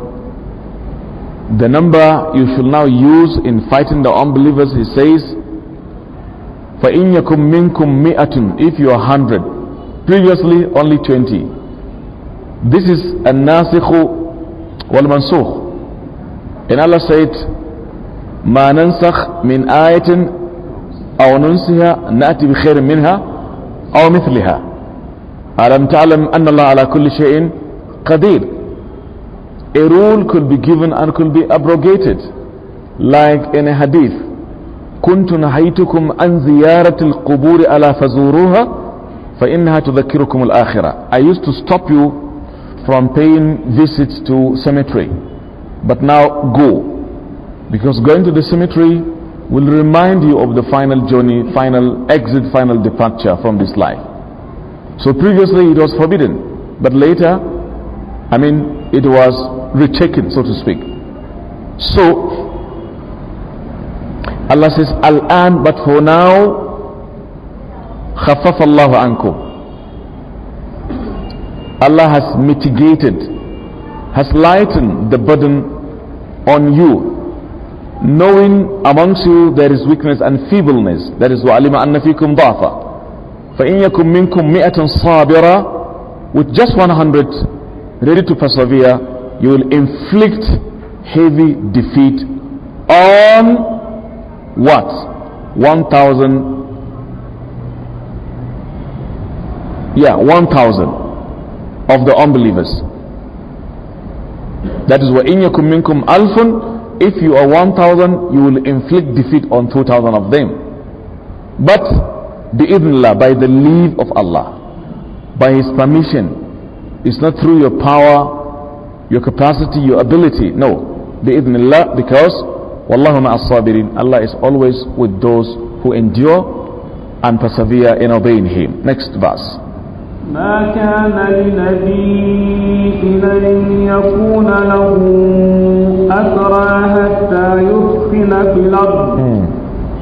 The number you should now use in fighting the unbelievers, he says, فَإِنْ يَكُمْ may مِئَةٌ If you are 100, previously only 20. This is a nasikh wal mansukh. And Allah said, "Ma nansakh min آيَةٍ أو ننسها نأتي بخير منها أو مثلها ألم تعلم أن الله على كل شيء قدير A rule could be given and could be abrogated like in a hadith كنت نهيتكم عن زيارة القبور ألا فزوروها فإنها تذكركم الآخرة I used to stop you from paying visits to cemetery but now go because going to the cemetery will remind you of the final journey, final exit, final departure from this life. So previously it was forbidden, but later, I mean, it was retaken, so to speak. So Allah says, Al-an, but for now, خفف الله عنكم Allah has mitigated, has lightened the burden on you knowing amongst you there is weakness and feebleness that is وَعَلِمَ أَنَّ فِيكُمْ ضَعْفًا فَإِنْ يَكُمْ مِنْكُمْ مِئَةٌ صَابِرًا with just 100 ready to persevere you will inflict heavy defeat on what 1000 yeah 1000 of the unbelievers that is وَإِنْ يَكُمْ alfon if you are 1,000, you will inflict defeat on 2,000 of them. But bi'idhnillah, by the leave of Allah, by His permission, it's not through your power, your capacity, your ability. No, bi'idhnillah, because wallahu ma'as sabirin. Allah is always with those who endure and persevere in obeying Him. Next verse. ما كان لنبي إذا لم يكون له أسرى حتى يسخن في الأرض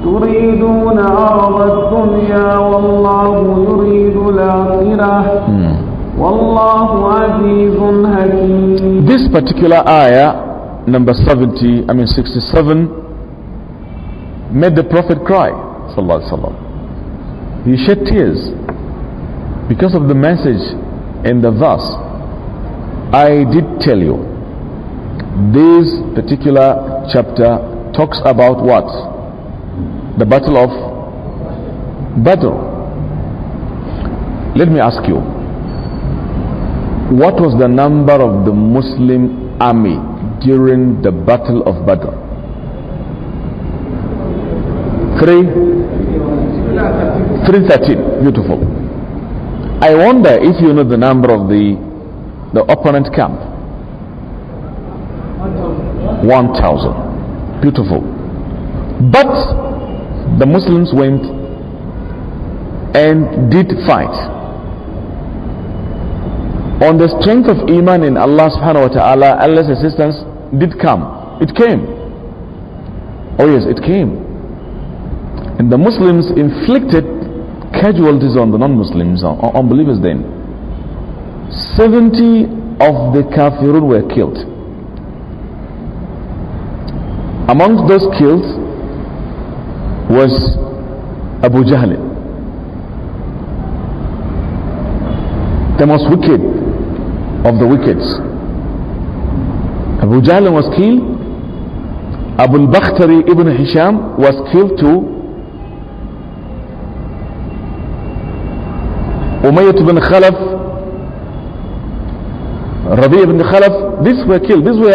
تريدون أرض الدنيا والله يريد الآخرة والله عزيز حكيم This particular ayah number 70 I mean 67 made the prophet cry sallallahu alaihi wasallam he shed tears because of the message in the verse, I did tell you this particular chapter talks about what? The battle of Badr. Let me ask you, what was the number of the Muslim army during the battle of Badr? Three? 313. Beautiful. I wonder if you know the number of the, the opponent camp. 1,000. Beautiful. But the Muslims went and did fight. On the strength of Iman in Allah subhanahu wa ta'ala, Allah's assistance did come. It came. Oh yes, it came. And the Muslims inflicted casualties on the non-Muslims, on, unbelievers, then. 70 of the kafirun were killed. Amongst those killed was Abu Jahl, the most wicked of the wicked. Abu Jahl was killed. Abu al-Bakhtari ibn Hisham was killed too Umayyad bin Khalaf, Rabi' ibn Khalaf, these were killed. These were,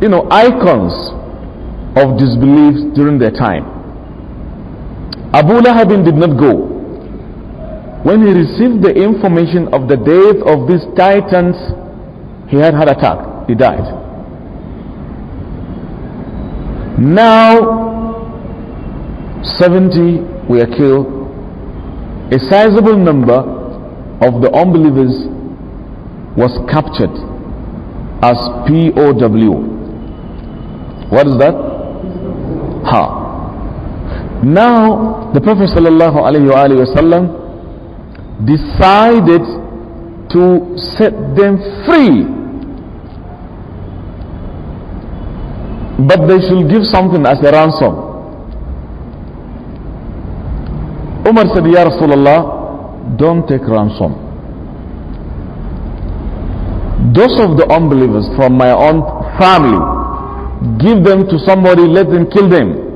you know, icons of disbelief during their time. Abu Lahab did not go. When he received the information of the death of these titans, he had heart attack. He died. Now, 70 were killed a sizable number of the unbelievers was captured as POW. What is that? Ha. Now, the Prophet ﷺ decided to set them free. But they should give something as a ransom. Umar said, Ya Rasulullah, don't take ransom. Those of the unbelievers from my own family, give them to somebody, let them kill them.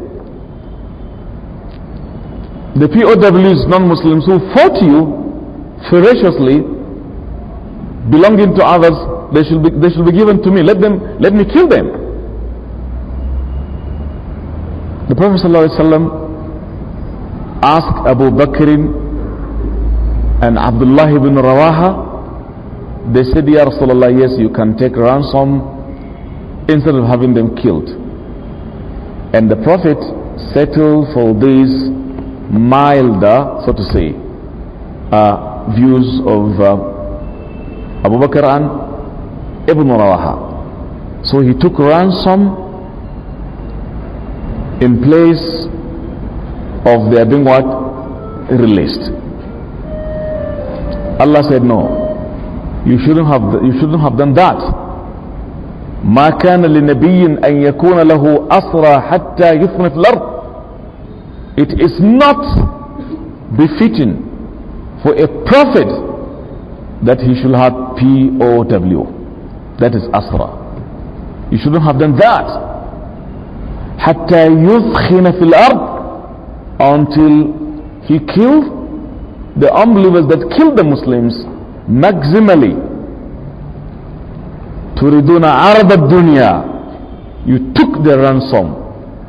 The POWs, non-Muslims who fought you ferociously, belonging to others, they shall be, they be given to me. Let them, let me kill them. The Prophet sallallahu alaihi wasallam asked Abu Bakr and Abdullah ibn Rawaha, they said, Ya Rasulullah, yes, you can take ransom instead of having them killed. And the Prophet settled for these milder, so to say, uh, views of uh, Abu Bakr and Ibn Rawaha. So he took ransom in place of their being what? Released. Allah said, No, you shouldn't have, you shouldn't have done that. ما كان لنبي أن يكون له أسرى حتى يثني في الأرض It is not befitting for a prophet that he should have P-O-W. That is Asra. You shouldn't have done that. حتى يثخن في الأرض until he killed the unbelievers that killed the Muslims maximally. Turiduna arad dunya. You took the ransom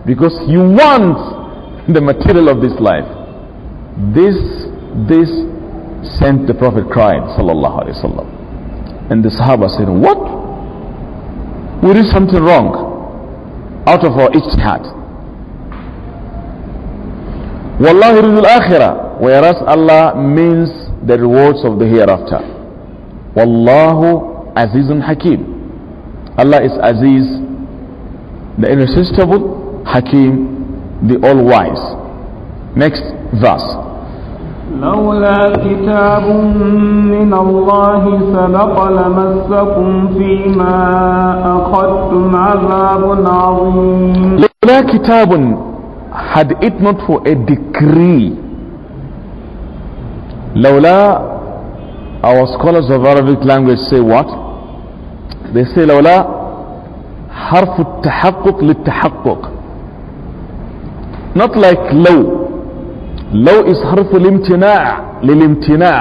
because you want [LAUGHS] the material of this life. This, this sent the Prophet cried, sallallahu alaihi wasallam, and the Sahaba said, "What? We did something wrong out of our ijtihad." Wallahu rizul akhirah. Whereas Allah means the rewards of the hereafter. Wallahu azizun hakim. Allah is aziz, the irresistible, hakim, the all-wise. Next verse. لولا كتاب من الله سبق لمسكم فيما أخذتم عذاب عظيم لولا كتاب had it not for a decree laula our scholars of arabic language say what they say laula harf at-tahaqquq lit-tahaqquq not like law law is harf al-imtina' lil-imtina'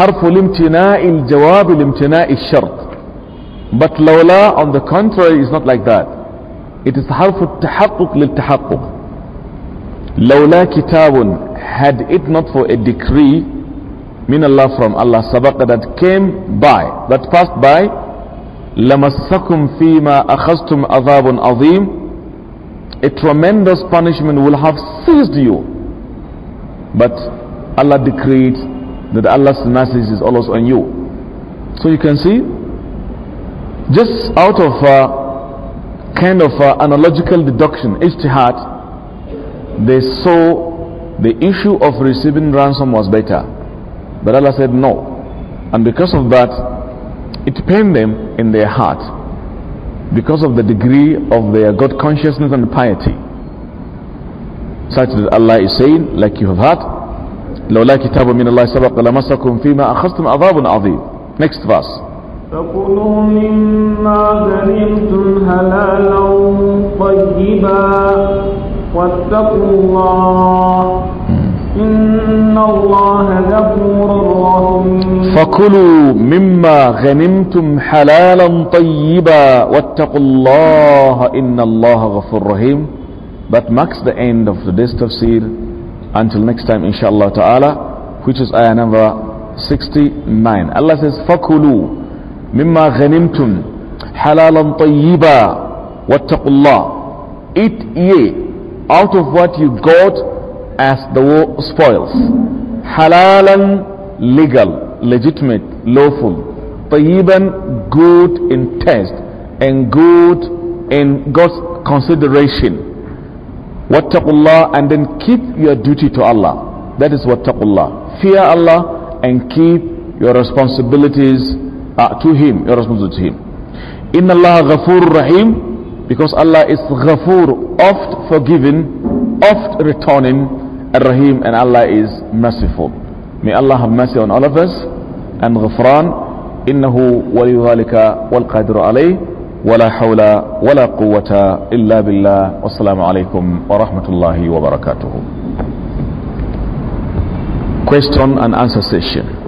harf al-imtina' al-jawab al-imtina' al-shart but laula on the contrary is not like that it is harf at-tahaqquq lit-tahaqquq لولا kitabun, had it not for a decree min Allah from Allah sabaqa that came by that passed by لمسكم ma أخذتم عذاب azim, a tremendous punishment will have seized you but Allah decreed that Allah's mercy is always on you so you can see just out of a kind of a analogical deduction ijtihad they saw the issue of receiving ransom was better. But Allah said no. And because of that, it pained them in their heart because of the degree of their God consciousness and piety. Such that Allah is saying, like you have heard, لولا كتاب من الله سبق لمسكم فيما أخذتم عذاب عظيم. Next verse. فكلوا مما غنمتم حلالا طيبا واتقوا الله إن الله غفور رحيم فكلوا مما غنمتم حلالا طيبا واتقوا الله إن الله غفور رحيم But marks the end of the day's tafsir. Until next time, inshallah ta'ala, which is ayah number 69. Allah says, فَكُلُوا مِمَّا غَنِمْتُمْ حَلَالًا طَيِّبًا وَاتَّقُوا اللَّهِ Eat ye out of what you got as the spoils. Halalan, legal, legitimate, lawful. Tayyiban, good in taste and good in God's consideration. Wattaqullah and then keep your duty to Allah. That is wattaqullah. Fear Allah and keep your responsibilities uh, to Him, your responsibility to Him. Inna Allah ghafur rahim because Allah is Ghafur, oft forgiving, oft returning, Ar-Rahim, and Allah is merciful. May Allah have mercy on all of us and Ghafran, إنه ولي ذلك والقادر عليه ولا حول ولا قوة إلا بالله والسلام عليكم ورحمة الله وبركاته. Question and answer session.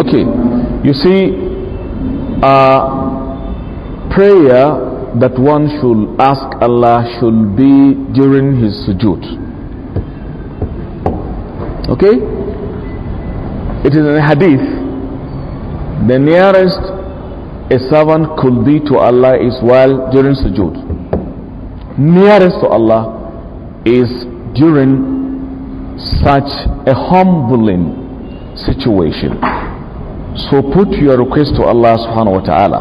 Okay, you see, uh, prayer that one should ask Allah should be during his sujood. Okay? It is in a hadith. The nearest a servant could be to Allah is while during sujood. Nearest to Allah is during such a humbling situation. So put your request to Allah subhanahu wa ta'ala.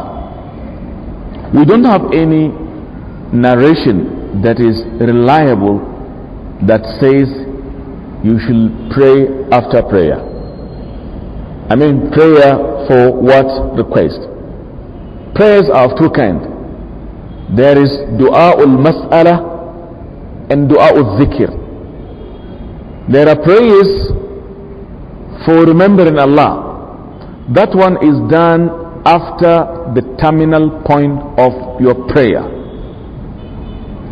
We don't have any narration that is reliable that says you should pray after prayer. I mean prayer for what request? Prayers are of two kinds. There is dua ul mas'ala and dua ul zikr. There are prayers for remembering Allah. That one is done after the terminal point of your prayer.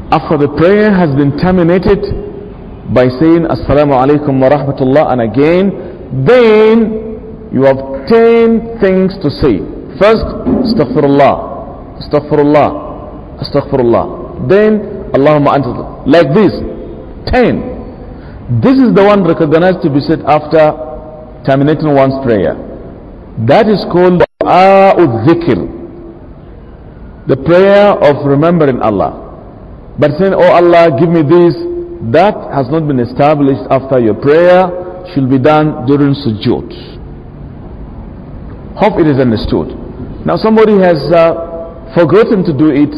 After the prayer has been terminated by saying Assalamu alaikum wa rahmatullah and again, then you have 10 things to say. First, astaghfirullah, astaghfirullah, astaghfirullah. Then, Allahumma anta. Like this, 10. This is the one recognized to be said after terminating one's prayer. That is called A'ud Dhikr, the prayer of remembering Allah. But saying, Oh Allah, give me this, that has not been established after your prayer, should be done during sujood. Hope it is understood. Now, somebody has uh, forgotten to do it,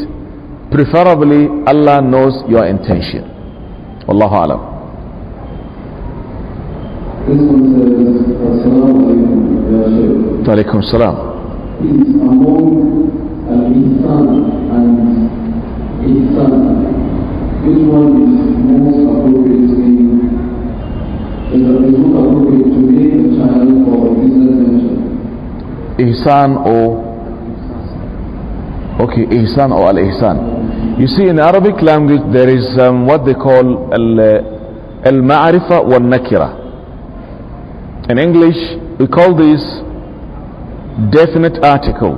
preferably Allah knows your intention. Allahu alam. وعليكم السلام Which one is most appropriate to Ihsan or Okay, Ihsan or Al-Ihsan. You see, in Arabic language, there is um, what they call Al-Ma'rifa wal-Nakira. In English, we call this definite article.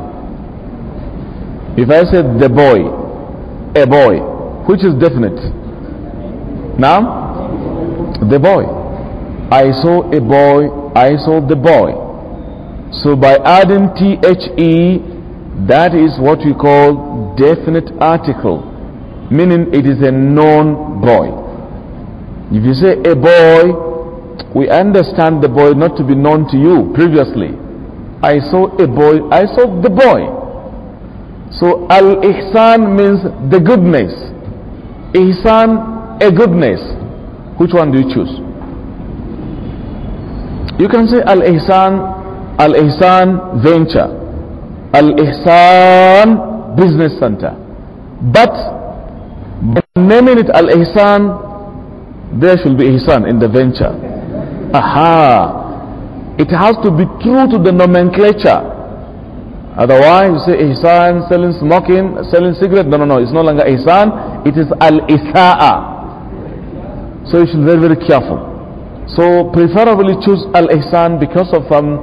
If I said the boy, a boy, which is definite? Now, the boy. I saw a boy, I saw the boy. So by adding THE, that is what we call definite article, meaning it is a known boy. If you say a boy, we understand the boy not to be known to you previously. I saw a boy, I saw the boy. So Al Ihsan means the goodness. Ihsan, a goodness. Which one do you choose? You can say Al Ihsan, Al Ihsan venture, Al Ihsan business center. But by naming it Al Ihsan, there should be Ihsan in the venture. Aha. It has to be true to the nomenclature. Otherwise, you say ihsan, selling smoking, selling cigarette. No, no, no. It's no longer ihsan. It is al-isa'a. So you should be very, very careful. So preferably choose al-ihsan because of um,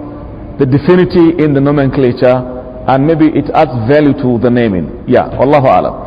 the definity in the nomenclature and maybe it adds value to the naming. Yeah, Allahu Alam.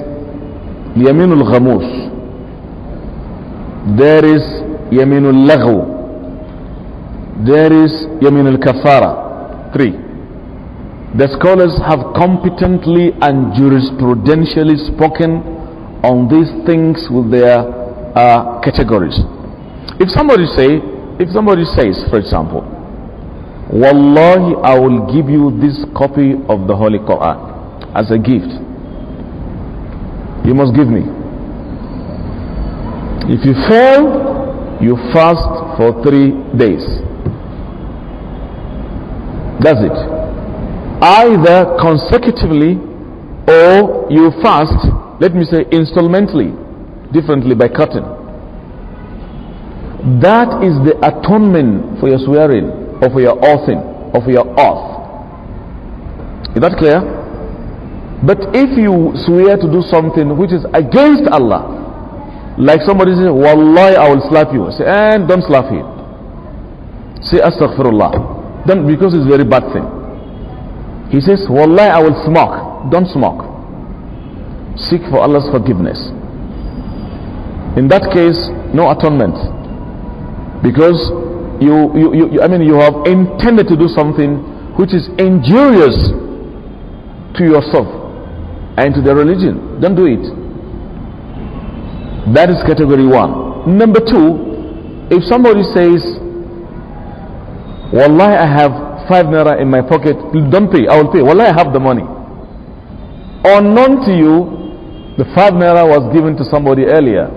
Yaminul Ghamus. There is Yaminul Laghu. There is Yaminul Kafara. Three. The scholars have competently and jurisprudentially spoken on these things with their uh, categories. If somebody say, if somebody says, for example, Wallahi, I will give you this copy of the Holy Quran as a gift you must give me. If you fail, you fast for three days. That's it. Either consecutively or you fast, let me say installmentally, differently by cutting. That is the atonement for your swearing, or for your oathing, or for your oath. Is that clear? But if you swear to do something which is against Allah, like somebody says, Wallahi, I will slap you. say, and don't slap him. Say, Astaghfirullah. Don't, because it's a very bad thing. He says, Wallahi, I will smoke. Don't smoke. Seek for Allah's forgiveness. In that case, no atonement. Because you, you, you, I mean, you have intended to do something which is injurious to yourself and to their religion. Don't do it. That is category one. Number two, if somebody says, Wallahi, I have five naira in my pocket, don't pay, I will pay. Wallahi, I have the money. Unknown to you, the five naira was given to somebody earlier.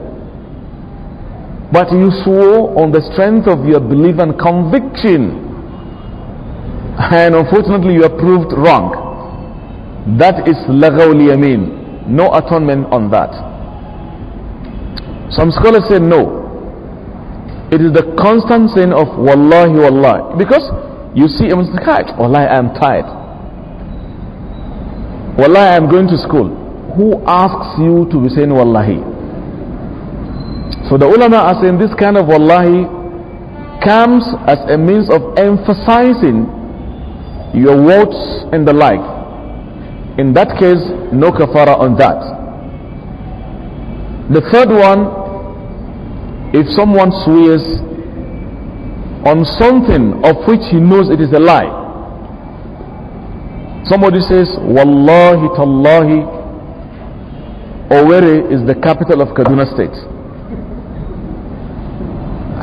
But you swore on the strength of your belief and conviction. And unfortunately, you are proved wrong. That is lagawul yamin. No atonement on that. Some scholars say no. It is the constant saying of wallahi wallahi. Because you see a Muslim, wallahi I am tired. Wallahi I am going to school. Who asks you to be saying wallahi? So the ulama are saying this kind of wallahi comes as a means of emphasizing your words and the like. In that case, no kafara on that. The third one, if someone swears on something of which he knows it is a lie, Somebody says, Wallahi tallahi, Owerri is the capital of Kaduna State.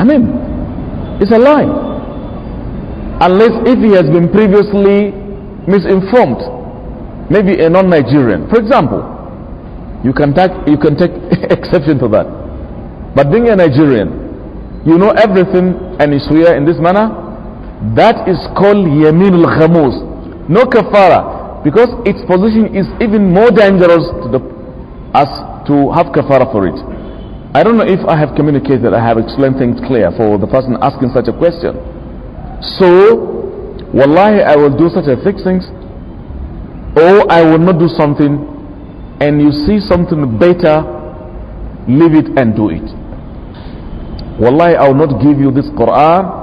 I mean, it's a lie. Unless if he has been previously misinformed maybe a non-Nigerian. For example, you can take, you can take [LAUGHS] exception to that. But being a Nigerian, you know everything and is swear in this manner, that is called Yamin al No kafara, because its position is even more dangerous to the, as to have kafara for it. I don't know if I have communicated, I have explained things clear for the person asking such a question. So, wallahi, I will do such a fixings or oh, I will not do something and you see something better, leave it and do it. Wallahi, I will not give you this Quran.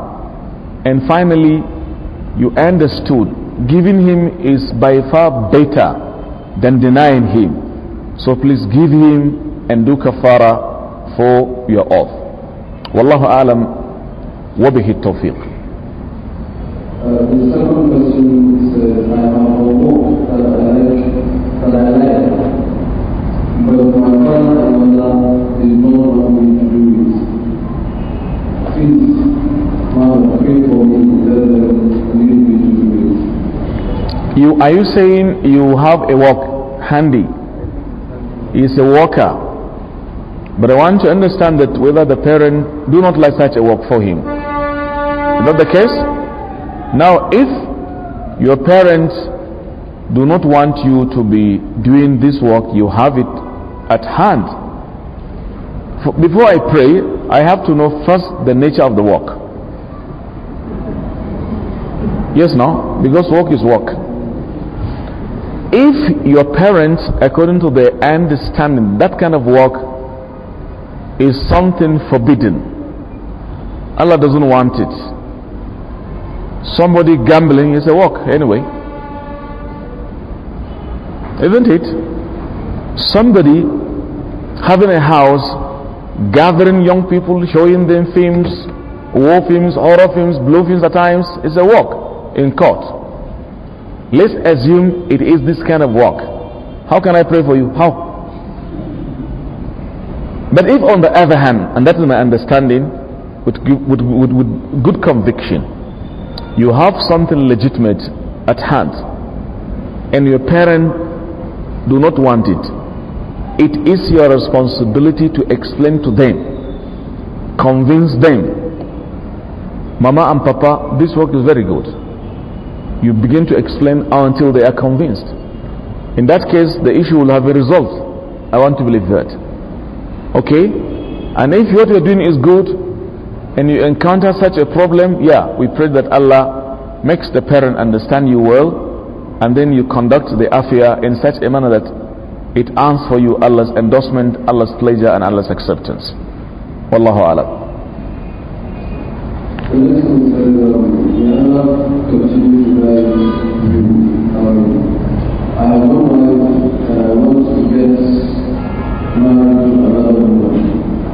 And finally, you understood giving him is by far better than denying him. So please give him and do kafara for your oath. Wallahu alam وبه التوفيق. Uh, the second question is, uh, You, are you saying you have a work handy? He's a worker. But I want to understand that whether the parent do not like such a work for him. Is that the case? Now, if your parents do not want you to be doing this work, you have it at hand. Before I pray, I have to know first the nature of the work. Yes, no? Because work is work. If your parents, according to their understanding, that kind of work is something forbidden, Allah doesn't want it. Somebody gambling is a work anyway. Isn't it? somebody having a house gathering young people showing them films war films horror films blue films at times is a work in court let's assume it is this kind of work how can i pray for you how but if on the other hand and that is my understanding with, with, with, with good conviction you have something legitimate at hand and your parents do not want it it is your responsibility to explain to them, convince them, Mama and Papa, this work is very good. You begin to explain until they are convinced. In that case, the issue will have a result. I want to believe that. Okay? And if what you're doing is good and you encounter such a problem, yeah, we pray that Allah makes the parent understand you well and then you conduct the affair in such a manner that it earns for you Allah's endorsement, Allah's pleasure, and Allah's acceptance. Wallahu alam. I want to get married to another woman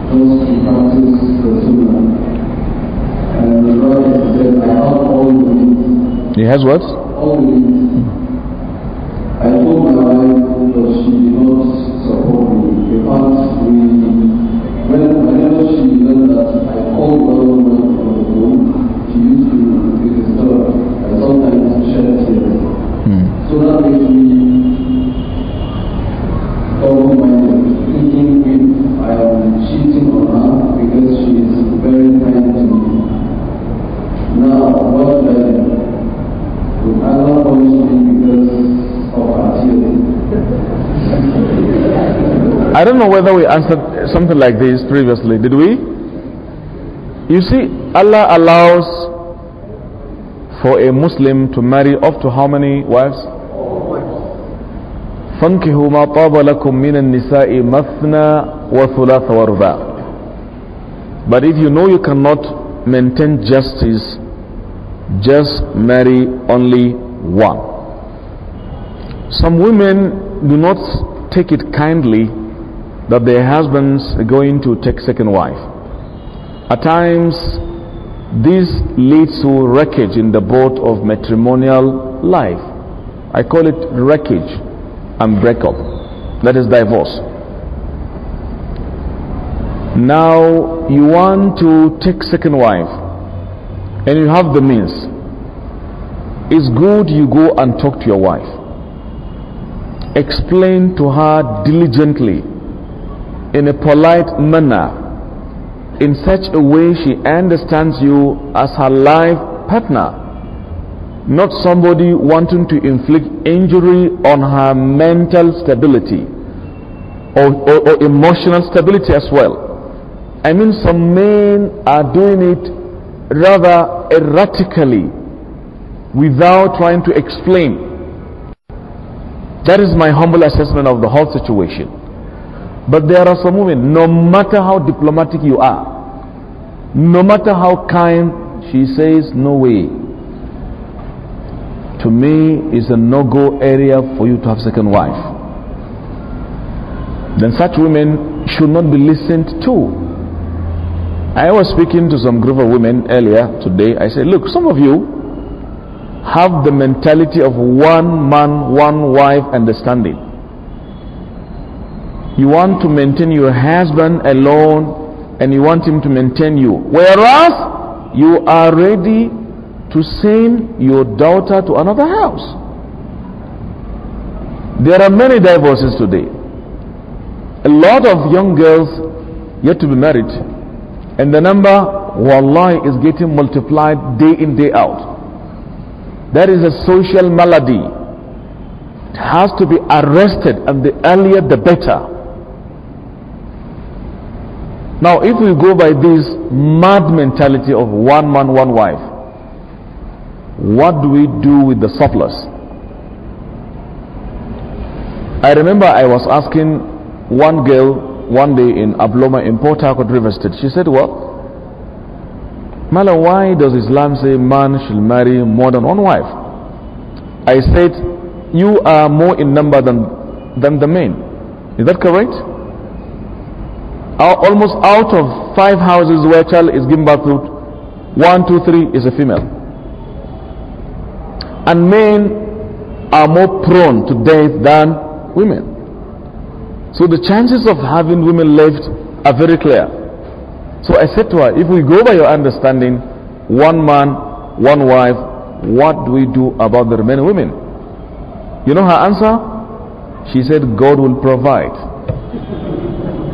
just to practice the sunnah. And the brother said, I have all the He has what? All the I told my wife, she did not support me answered something like this previously, did we? You see, Allah allows for a Muslim to marry up to how many wives? فانكحوا ما طاب لكم من النساء مثنى وثلاث but if you know you cannot maintain justice just marry only one some women do not take it kindly that their husbands are going to take second wife. At times, this leads to wreckage in the boat of matrimonial life. I call it wreckage and breakup. That is divorce. Now you want to take second wife and you have the means. It's good you go and talk to your wife. Explain to her diligently in a polite manner, in such a way she understands you as her life partner, not somebody wanting to inflict injury on her mental stability or, or, or emotional stability as well. I mean, some men are doing it rather erratically without trying to explain. That is my humble assessment of the whole situation. But there are some women, no matter how diplomatic you are, no matter how kind, she says, no way. To me, it's a no-go area for you to have second wife. Then such women should not be listened to. I was speaking to some group of women earlier today. I said, look, some of you have the mentality of one man, one wife understanding you want to maintain your husband alone and you want him to maintain you. Whereas you are ready to send your daughter to another house. There are many divorces today. A lot of young girls yet to be married, and the number, wallahi, is getting multiplied day in, day out. That is a social malady. It has to be arrested, and the earlier the better. Now, if we go by this mad mentality of one man, one wife, what do we do with the surplus? I remember I was asking one girl one day in Abloma in Port Harcourt River State. She said, What? Mala, why does Islam say man should marry more than one wife? I said, You are more in number than, than the men. Is that correct? almost out of five houses where child is given birth to, one, two, three is a female. And men are more prone to death than women. So the chances of having women left are very clear. So I said to her, if we go by your understanding, one man, one wife, what do we do about the remaining women? You know her answer? She said, God will provide.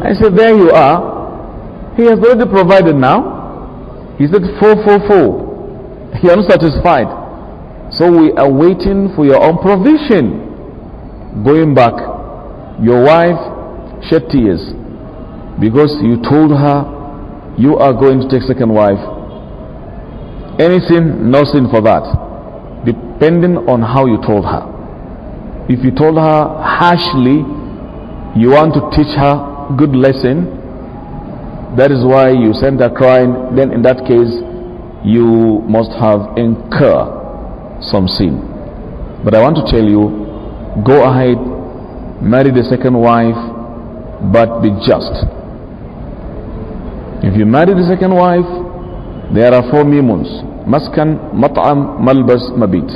I said, There you are. He has already provided now. He said, Four, four, four. You are not satisfied. So we are waiting for your own provision. Going back, your wife shed tears because you told her you are going to take second wife. Anything, nothing for that, depending on how you told her. If you told her harshly, you want to teach her good lesson that is why you send her crying then in that case you must have incur some sin but i want to tell you go ahead marry the second wife but be just if you marry the second wife there are four mimuns maskan mat'am malbas mabit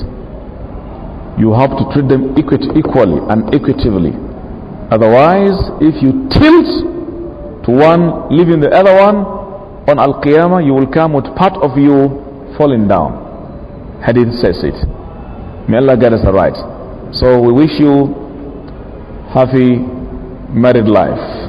you have to treat them equally and equitably Otherwise, if you tilt to one, leaving the other one, on Al Qiyamah you will come with part of you falling down. Hadith says it. May Allah guide us aright. So we wish you happy married life.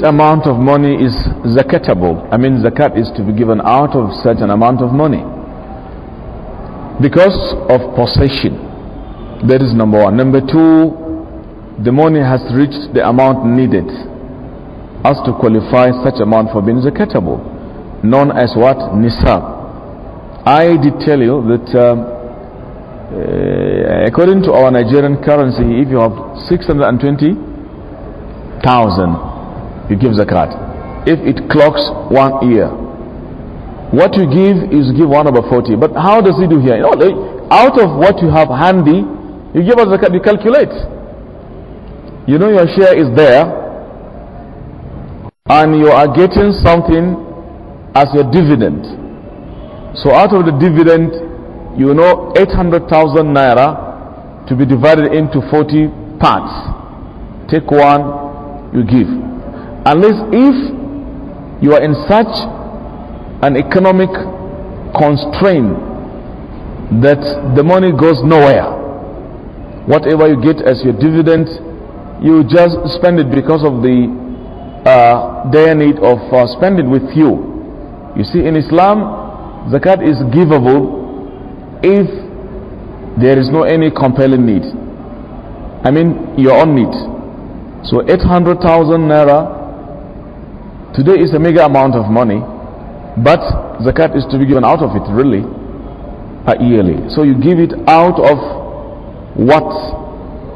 this amount of money is zakatable. I mean, zakat is to be given out of such an amount of money because of possession. That is number one. Number two, the money has reached the amount needed as to qualify such amount for being zakatable, known as what nisab. I did tell you that um, uh, according to our Nigerian currency, if you have 620,000 you give zakat. If it clocks one year, what you give is give one over 40. But how does he do here? You know, out of what you have handy, you give us zakat, you calculate. You know your share is there, and you are getting something as your dividend. So out of the dividend, you know 800,000 naira to be divided into 40 parts. Take one, you give. Unless if you are in such an economic constraint that the money goes nowhere. Whatever you get as your dividend, you just spend it because of the uh, dire need of uh, spending with you. You see, in Islam, zakat is givable if there is no any compelling need. I mean, your own need. So 800,000 naira Today is a mega amount of money, but zakat is to be given out of it, really, yearly. So you give it out of what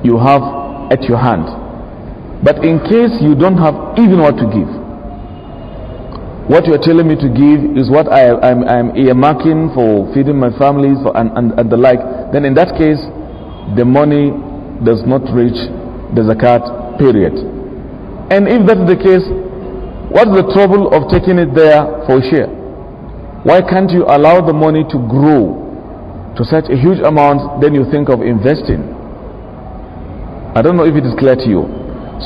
you have at your hand. But in case you don't have even what to give, what you are telling me to give is what I, am I'm, I'm earmarking for feeding my families for, and, and, and the like, then in that case, the money does not reach the zakat period. And if that's the case, What's the trouble of taking it there for share? Why can't you allow the money to grow to such a huge amount, then you think of investing? I don't know if it is clear to you.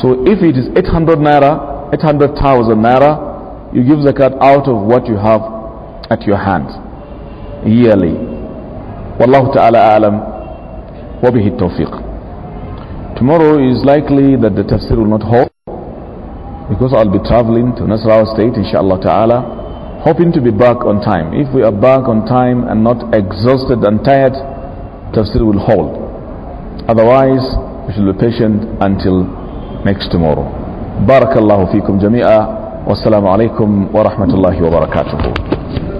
So if it is 800 naira, 800,000 naira, you give zakat out of what you have at your hand yearly. Wallahu ta'ala alam wa bihi tawfiq. Tomorrow is likely that the tafsir will not hold because I'll be traveling to Nasarawa State, inshallah ta'ala, hoping to be back on time. If we are back on time and not exhausted and tired, tafsir will hold. Otherwise, we should be patient until next tomorrow. Barakallahu fikum jami'a. Wassalamu alaikum wa rahmatullahi wa barakatuhu.